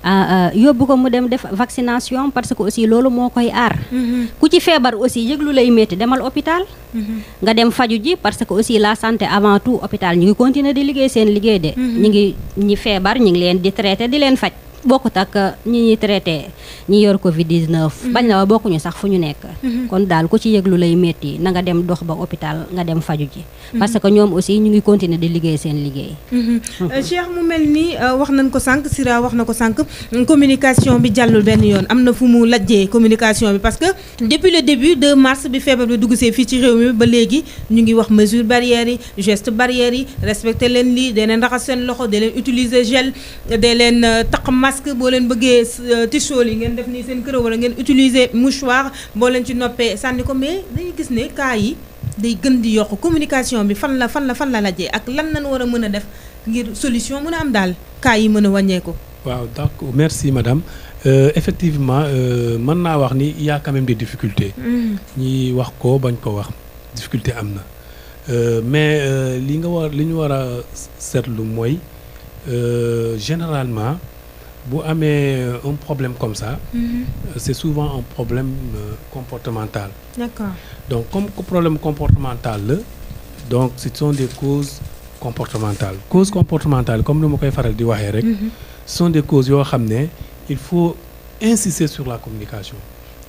C: Ah, ah, yóbbu ko mu dem def vaccination parce que aussi loolu moo koy aar mhm. ku ci feebar aussi yëglu lay métti demal hôpital mhm. nga dem faju ji parce que aussi la santé avant tout hôpital ñu ngi continuer di liggéey seen liggéey de mhm. ñu ngi ñi feebar ñu ngi leen di traité di leen faj bokkut ak ñi ñuy traité ñi yor Covid 19. Mhm. bañ na wa bokkuñu sax fu ñu nekk. Mhm. kon daal ku ci yëg lu lay métti na dem dox ba hôpital nga dem faju ji. Mhm. parce que ñoom aussi ñu ngi continuer di liggéey seen liggéey.
A: Euh, Cheikh mu mel ni euh, wax nañ ko sànq Sira wax na ko sànq communication bi jàllul benn yoon am na fu mu lajjee communication bi parce que depuis le début de mars bi feebar bi dugg see fii ci réew mi ba léegi ñu ngi wax mesure barrière yi geste barrière yi respecté leen lii dee leen masque boo leen bëggee euh, tichool yi ngeen def nii seen kër wala ngeen utiliser mouchoir boo leen ci noppee sànni ko mais dañuy gis ne cas yi day gën di yokk communication bi fan la fan la fan la lajee ak lan lañ war a mën a def ngir solution mën a am daal cas yi mën a wàññeeku.
D: waaw d'accord merci madame euh, effectivement euh, mën naa wax ni il y a quand mm. ñi wax ko bañ ko wax difficulté am na. Euh, mais li nga war li ñu war a seetlu mooy généralement bu amee euh, un problème comme ça.
A: Mhm. Euh, c'est
D: souvent un problème euh, comportemental. d'accord donc comme problème comportemental la donc ce sont des causes comportementales causes comportementales comme ni ma koy faral di waxee rek. Mhm. ce sont des causes yoo xam ne il faut insister sur la communication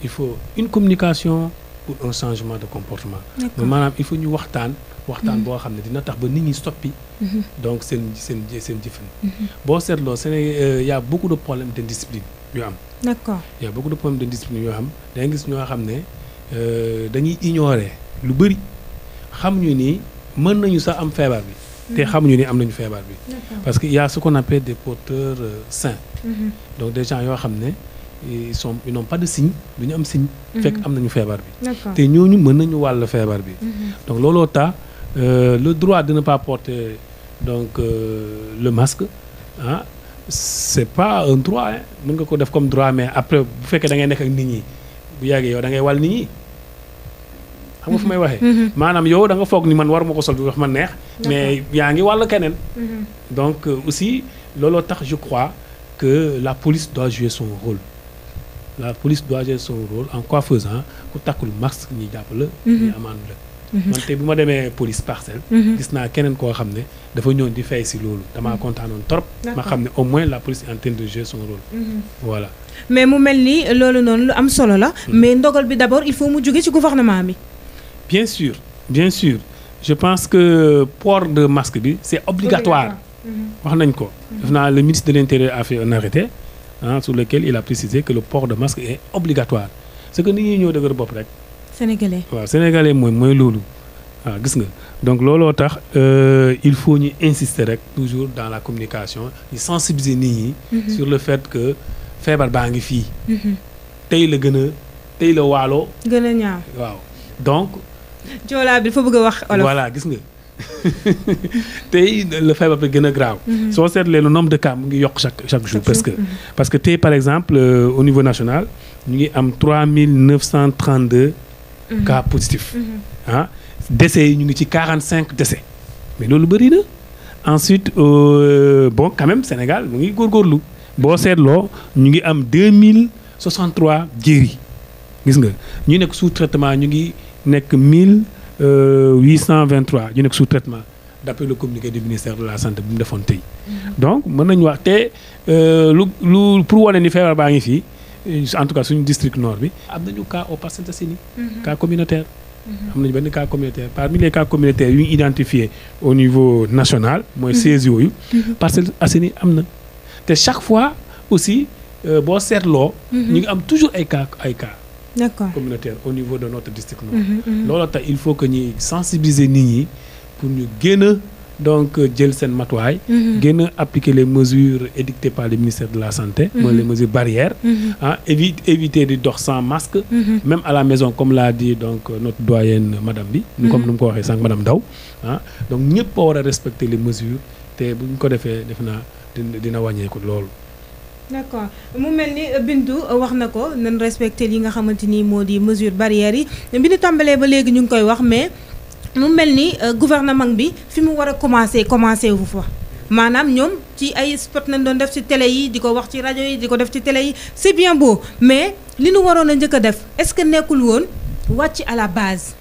D: il faut une communication pour un changement de comportement. maanaam il faut ñu waxtaan. waxtaan boo xam ne dina tax ba nit ñi soppi. donc seen seen seen jëfin. boo seetloo Sénégal euh, y' a beaucoup de problèmes de discipline yu am. d' accord y' a yoo xam da nga gis ñoo xam ne euh, dañuy ignorer lu bëri xamuñu ni mën nañu sax am feebar bi. te mhm. xamuñu ni am nañu feebar bi. parce que yaa a ce qu'on appelle des porteurs euh, sains. Mhm. donc des gens yoo xam ne ils sont ils n'ont pas de signe du ñu am signe. Mhm. fekk am nañu feebar bi. te ñooñu mën nañu wàll feebar bi. donc looloo tax. euh, le droit de ne pas donc euh, le masque ah c'est pas un droit mun nga ko def comme droit mais après bu fekkee da ngay nekk ak nit ñi bu yàggee yow da ngay wàll nit ñi.
E: xam nga fu may waxee. Mm-hmm. Mm-hmm.
D: maanaam yow da foog ni man waruma ko sol bi wax ma neex. mais yaa ngi wàll keneen. Mm-hmm. donc euh, aussi looloo tax je crois que la police doit jouer son rôle. la police doit jouer son rôle en quoi faisant ku takkul masque ñi jàppale la. ñu la. Mhm. man tey bu ma demee police parcelle. Mhm. gis naa keneen koo xam ne dafa ñëwoon di fay si loolu damaa mhm. kontaanoon trop. ma xam ne au moins la police est en train de jouer son rôle. voilà
A: mais mu mel ni loolu noonu lu am solo la. mais ndogal bi d' abord il faut mu jóge ci gouvernement bi. bien sûr
D: bien sûr je pense que port de masque bi c' est obligatoire. wax nañ ko. def naa le ministre de l' intérieur a fait un arrêté ah sur lequel il a précisé que le port de masque est obligatoire ce que nit ñi ñëw bopp rek. sénégalais waaw sénégalais mooy mooy loolu waaw gis nga donc looloo tax euh, il faut ñu insister rek toujours dans la communication ñu sensibiliser nit ñi. Mhm. sur le fait que feebar baa ngi fii. Mhm. tey la gën a tey la waalo. gën a ñaaw waaw donc. joolaa bi dafa bëgg a wax olof voilà gis nga tey la feebar bi gën a graaw. Mhm. soo seetlee le nombre de cas mu ngi yokk chaque chaque jour. parce que parce que tey par exemple euh, au niveau national ñu ngi am 3932. Mm-hmm. cas positif. Mm-hmm. ah yi ñu ngi ci quarante cinq décès mais loolu bëri na ensuite euh, bon quand même Sénégal mu ngi góorlu boo seetloo ñu ngi am 2063 jéeri gis nga ñu nekk sous traitement ñu ngi nekk 1823 ñu nekk sous traitement d'après le communiqué du ministère de la santé bu mu defoon tey. Mm-hmm. donc mën nañu wax euh, lu lu pour wane ni feebar baa ngi fii. Euh, en tout cas suñu district nord bi am nañu cas au Parcelles Assainies mhm. cas communautaire mhm. am nañu benn cas communautaire parmi les cas communautaires yu ñu identifié au niveau national mooy 16 mhm. yooyu Parcelles Assainies am na te chaque fois aussi euh, boo seet loo ñu ngi am toujours ay cas ay cas d'accord communautaire au niveau de notre district nord loolu tax il faut que ñuy sensibiliser nit ñi pour ñu génn donc euh, jël seen matuwaay. Mhm. gën a appliquer les mesures édictées par le ministère de la santé. Mhm. mooy les mesures barrières. Mhm. ah éviter éviter di dox sans masque. même à la maison comme l'a dit donc euh, notre doyenne euh, madame bi. comme nu mu ko waxee san madame Daw ah donc war a respecter les mesures te bu ñu ko defee def naa dina wàññeeku loolu.
A: d'accord mu mel ni Bintu wax na ko nan respecter yi nga xamante ni moo di mesure barrière yi bi ñu tàmbalee ba léegi ñu ngi koy wax mais. mu mel ni euh, gouvernement bi fi mu war a commencé commencé wu fa maanaam ñoom ci ay spot nañ doon def ci télé yi di ko wax ci rajo yi di ko def ci télé yi c'est bien beau mais li nu waroon a njëkk a def est-ce que nekkul woon wàcc à la base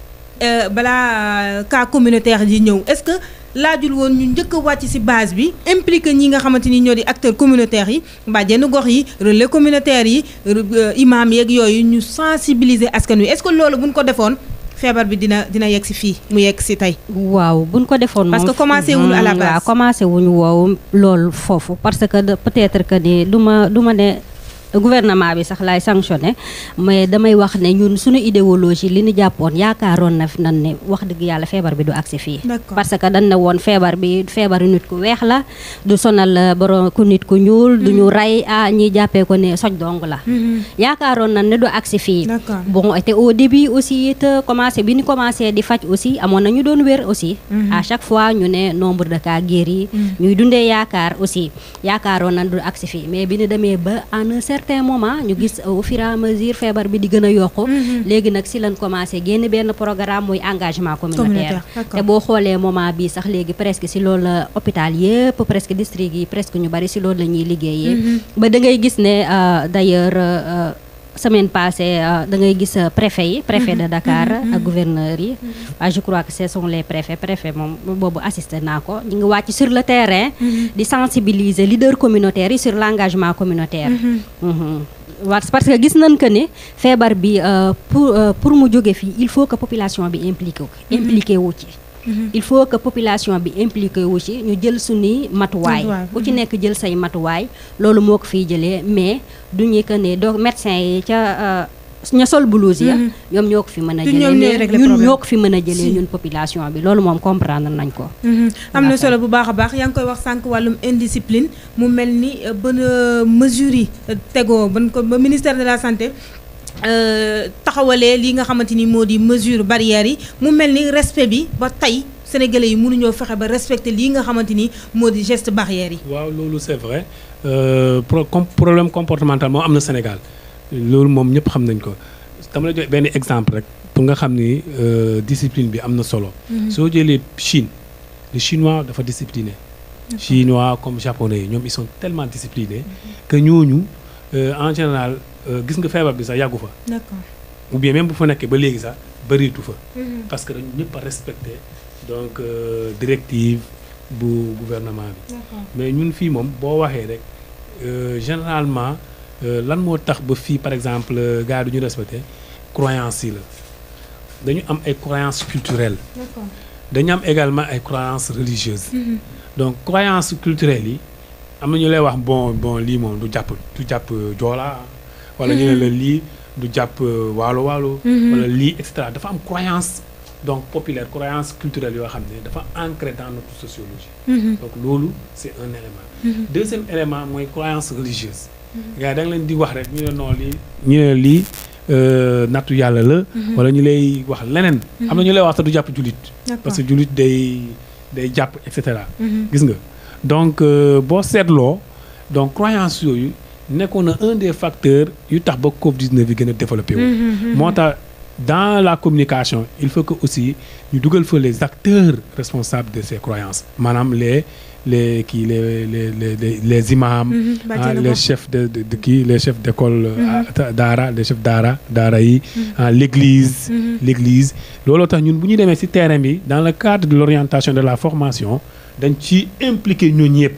A: euh, balaa euh, cas communautaire yi ñëw est-ce que laajul woon ñu njëkk wàcc ci base bi impliqué ñi nga xamante ni ñoo di acteurs communautaire yi bàjjenu gox yi relais communautaire yi imam yeeg yooyu ñu sensibiliser askan wi est-ce que loolu buñ ko defoon feebar bi dina dina yegg si fii mu yegg si tey. waaw bu buñ ko defoon moom parce que commencé wu à la hmm, base waaw
C: commencé wuñu woowu loolu foofu parce que peut-être que ni du ma du ma ne. gouvernement bi sax laay sanctionné mais damay wax ne ñun suñu idéologie li ñu jàppoon yaakaaroon na nan ne wax dëgg yàlla feebar bi du agsi fii parce que dañ ne woon feebar bi feebaru nit ku weex la du sonal euh, borom ku nit ku ñuul du ñu mm-hmm. rey ah ñi jàppee ko ne soj dong la mm-hmm. yaakaaroon na ne du agsi fii bon te au début aussi te euh, commencé bi ñu commencé di faj aussi amoon na ñu doon wér aussi mm-hmm. à chaque fois ñu ne nombre de cas guéris ñuy dundee yaakaar certain moment ñu gis euh, au fur et feebar bi di gën a yokku mm-hmm. léegi nag si lañ commencé génn benn programme muy engagement communautaire te boo xoolee moment bi sax léegi presque si loolu la hôpital yëpp presque district yi presque ñu bari si lool la ñuy liggéeyee mm-hmm. ba da ngay gis ne euh, d'ailleurs euh, semaine passée euh, da ngay gis euh, préfet yi préfet de mhm. Dakar mhm. Mhm. ak gouverneur yi waa je crois que ce sont les préfets préfet moom boobu assisté naa ko ñu ngi wàcc sur le terrain di sensibiliser leader communautaire yi sur l'engagement communautaire waaw parce que gis nañ que ni feebar bi euh, pour pour mu jóge fii il faut que population bi impliqué wu impliqué wu ci Mm-hmm. il faut que population bi impliqué wu ci ñu jël suñuy matuwaay ku ci mm-hmm. nekk jël say matuwaay loolu moo ko fiy jëlee mais du ñu que ne do médecin yi ca euh, ña sol blouse ya mm-hmm.
A: ñoom ñoo ko fi mën a jëlee ñun ñoo ko fi a jëlee ñun
C: population bi loolu moom comprendre nañ
A: ko am na solo bu baax a baax yaa ngi koy wax sànq wàllum indiscipline mu mel ni euh, ba euh, mesures yi tegoo ba ministère de la santé Euh, taxawalee li nga xamante ni moo di mesure barrière yi mu mel ni respect bi ba tey sénégalais yi mënuñoo fexe ba respecter lii nga xamante ni moo di gest barrière yi.
D: waaw loolu c'est vrai euh, pro problème comportemental moom am na Sénégal loolu moom ñëpp xam nañ ko dama la jox benn exemple rek pour nga xam ni euh, discipline bi am na solo. Mhm. soo jëlee Chine le chinois dafa discipliné. chinois comme japonais yi ñoom ils sont tellement disciplinés mhm. que ñooñu en général. Euh, gis nga feebar bi sax yàggu fa. d'accord ou bien même bu fa nekkee ba léegi sax bëriitu fa. Mm-hmm. parce que dañu ñëpp a respecté donc euh, directive bu gouvernement bi. mais ñun fii moom boo waxee rek euh, généralement lan moo tax ba fii par exemple gars du ñu respecté croyance yi la dañu am ay croyances culturelles. dañu am également ay croyances religieuses. Mm-hmm. donc croyances culturelles yi am na ñu lay wax bon bon lii moom du jàpp du jàpp joolaa. wala ñu ne la mhm. lii du jàpp euh, waalo waalo. Mhm. wala lii et dafa am croyance donc populaire croyance culturelle yoo xam ne dafa ancré dans notre sociologie. Mhm. donc loolu c' est un élément. deuxième élément mooy croyance religieuse. gars da nga leen di wax rek ñu ne non lii ñu ne lii. Euh, nattu yàlla la. wala ñu lay wax leneen. am na ñu lay wax te du jàpp jullit. parce que jullit day day jàpp et cetera. gis nga donc euh, boo seetloo donc croyance yooyu nekkoon na un des facteurs yu tax ba Covid 19 bi gën a développé mm-hmm, mm-hmm. moo tax dans la communication il faut que aussi ñu dugal fa les acteurs responsables de ces croyances maanaam les les kii les les les les imams. Mm-hmm, ah, les chefs de de kii les chefs d'école. Euh, ah, daara les chefs daara daara yi. Ah, l'église l'église looloo tax ñun bu ñu demee si terrain bi dans le cadre de l'orientation de la formation dañ ci impliquer ñooñu yëpp.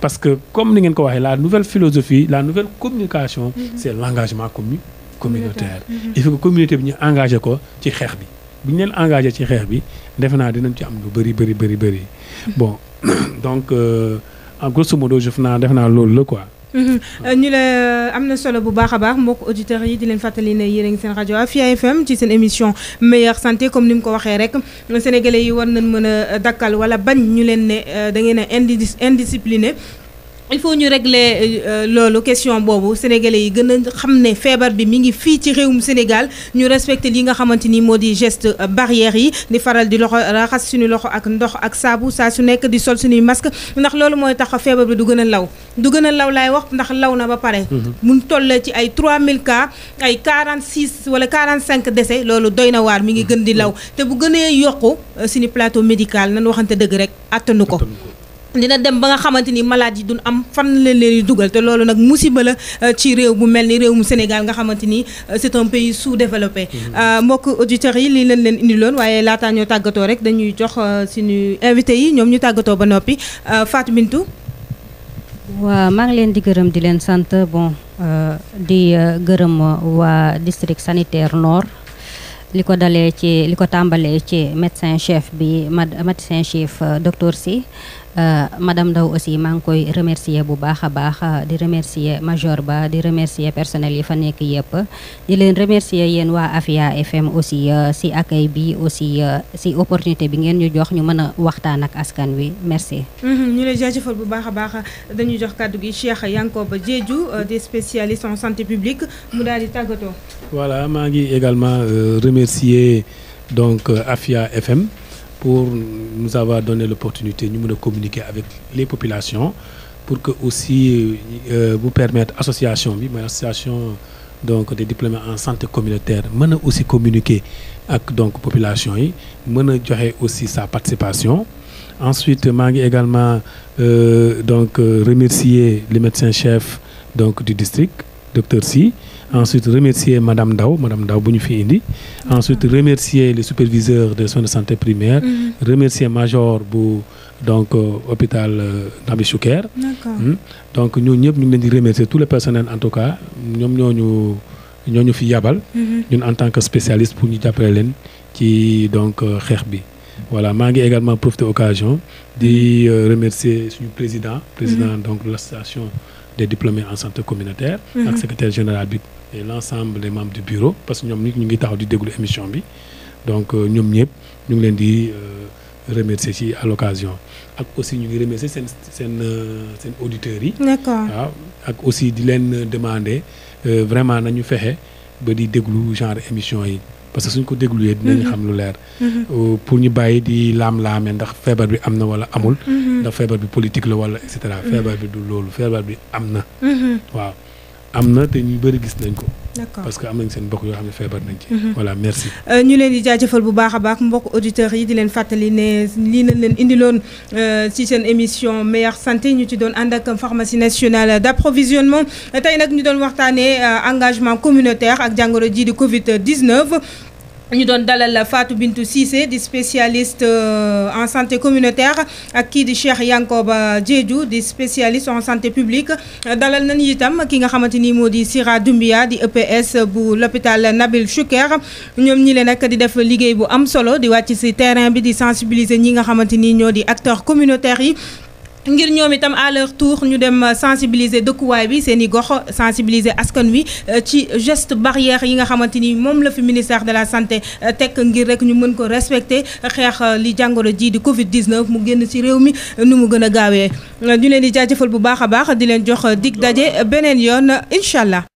D: parce que comme ni ngeen ko waxee la nouvelle philosophie la nouvelle communication mhm. c'est l'engagement commun communautaire mhm. il faut que communauté bi ñu engagé ko ci xeex bi bu ñu leen engagé ci xeex bi defe naa dinañ ci am lu bëri bëri bëri bëri mhm. bon donc euh, en grosso modo jëf naa def naa loolu la quoi
A: Mhm. Euh, ñu la euh, am na solo bu baax a baax mbokk auditeurs yi di leen fàttali ne yi a ngi seen rajo Afia FM ci seen émission meilleure santé comme ni mu ko waxee rek sénégalais yi war nañ mën a dakkal wala bañ ñu leen ne euh, dangeen a indis indiscipliné il faut ñu régler euh, loolu question boobu sénégalais yi gën a xam ne feebar bi mi ngi fii ci réewum Sénégal ñu respecté li nga xamante ni moo di gest euh, barrière yi di faral di loxo raxas suñu loxo ak ndox ak saabu saa su nekk di sol suñuy masque ndax loolu mooy tax feebar bi du gën a law du gën a law laay wax ndax law na ba pare mhm. mun toll ci ay 3000 cas ay 46 wala 45 décès loolu doy na waar mi ngi gën di law mhm. te bu gënee yokku euh, suñu plateau médical nan waxante dëgg rek attanu ko dina dem ba nga xamante ni malade yi duñ am fan leen leen di dugal te loolu nag musiba la euh, ci réew bu mel ni réew mu Sénégal nga xamante ni euh, c'est un pays sous-développé. Mm-hmm. Euh, mbokk auditeurs yi lii leen leen indiloon waaye laataa ñoo tàggatoo rek dañuy jox suñu invité yi ñoom ñu tàggatoo ba noppi Fatou Bintou. waaw maa leen
C: di gërëm di leen sant bon di gërëm waa district sanitaire nord. li ko dalee ci li ko tàmbalee ci médecin chef bi médecin chef docteur si Euh, madame Ndaw aussi maa ngi koy remercier bu baax a baax di remercier major ba di remercier personnel yi fa nekk yëpp di leen remercier yéen waa Afia FM aussi euh, si accueil bi aussi euh, si opportunité bi ngeen ñu jox ñu mën a waxtaan ak askan wi merci.
A: Mhm, ñu lay jaajëfal bu baax a baax dañuy jox kàddu gi Cheikh ba Diédhiou des spécialistes en santé publique mu daal di tàggatoo.
D: wala maa ngi également remercier donc Afia FM. pour nous avoir donné l'opportunité ñu mën a communiquer avec les populations pour que aussi euh, vous permettre association bi mooy association donc des diplômés en santé communautaire mën a aussi communiquer ak donc populations yi mën a joxe aussi sa participation ensuite maa ngi également euh, donc euh, remercier le médecin chef donc du district docteur Sy ensuite remercier Madame Daw Madame ndaw bu ñu fi indi ensuite ah. remercier le superviseurs des soins de santé primaire mm-hmm. remercier major bu donc euh, hôpital euh, Nabi Choucair hmm? donc ñoo ñëpp ñu ngi leen di remercier tout le personnel en tout cas ñoom ñoo ñu fi yabal mm-hmm. ñu en tant que spécialiste pour ñu jàppale leen ci donc euh, xeex bi voilà maa ngi également profité occasion di mm-hmm. remercier suñu président président donc de l'association des diplômés en santé communautaire ak secretaire général bi et l'ensemble des membres du bureau parce que ñoom nit ñu ngi taxaw di déglu émission bi donc euh, ñoom ñëpp ñu ngi leen di euh, remercier ci à l'occasion ak aussi ñu ngi remercier seen seen euh, seen auditeurs yi. d'accord waaw ak aussi di leen demander vraiment nañu fexe ba di déglu genre émission yi. parce que suñ ko déglu dégluwee dinañ mhm. xam lu leer. Mhm. pour ñu bàyyi di laam-laamee ndax feebar bi am na wala amul. Mhm. ndax feebar bi politique la wala et cetera. feebar bi du loolu feebar bi am na. waaw. am na te ñu bëri gis nañ ko. d'accord parce que am nañ seen mbokk yoo xam ne feebar nañ ci. Mhm. voilà merci.
A: Euh, ñu leen di jaajëfal bu baax a baax mbokk auditeurs yi di leen fàttali ne lii nañ leen indiloon euh, ci seen émission meilleure santé ñu ci doon ànd ak pharmacie nationale d'approvisionnement tey nag ñu doon waxtaanee euh, engagement communautaire ak jàngoro jii di Covid 19. ñu doon dalal Fatou Bintou Cissé di spécialiste euh, en santé communautaire ak kii di Cheikh ba Diédhiou di spécialiste en santé publique dalal nañu itam ki nga xamante ni moo di Sira Doumbia di EPS bu l'hôpital Nabil Choucair ñoom ñi leen nag di def liggéey bu am solo di wàcc ci terrain bi di sensibiliser ñi nga xamante ni ñoo di acteurs communautaires yi ngir ñoom itam à leur tour ñu dem euh, sensibiliser dëkkuwaay bi seen i gox sensibiliser askan wi euh, ci geste barrière yi nga xamante ni moom la fi ministère de la santé euh, teg ngir rek ñu mën ko respecter xeex li jàngoro ji di Covid 19 mu génn ci réew mi nu mu gën a gaawee ñu leen di jaajëfal bu baax a baax di leen jox dig daje beneen yoon incha allah.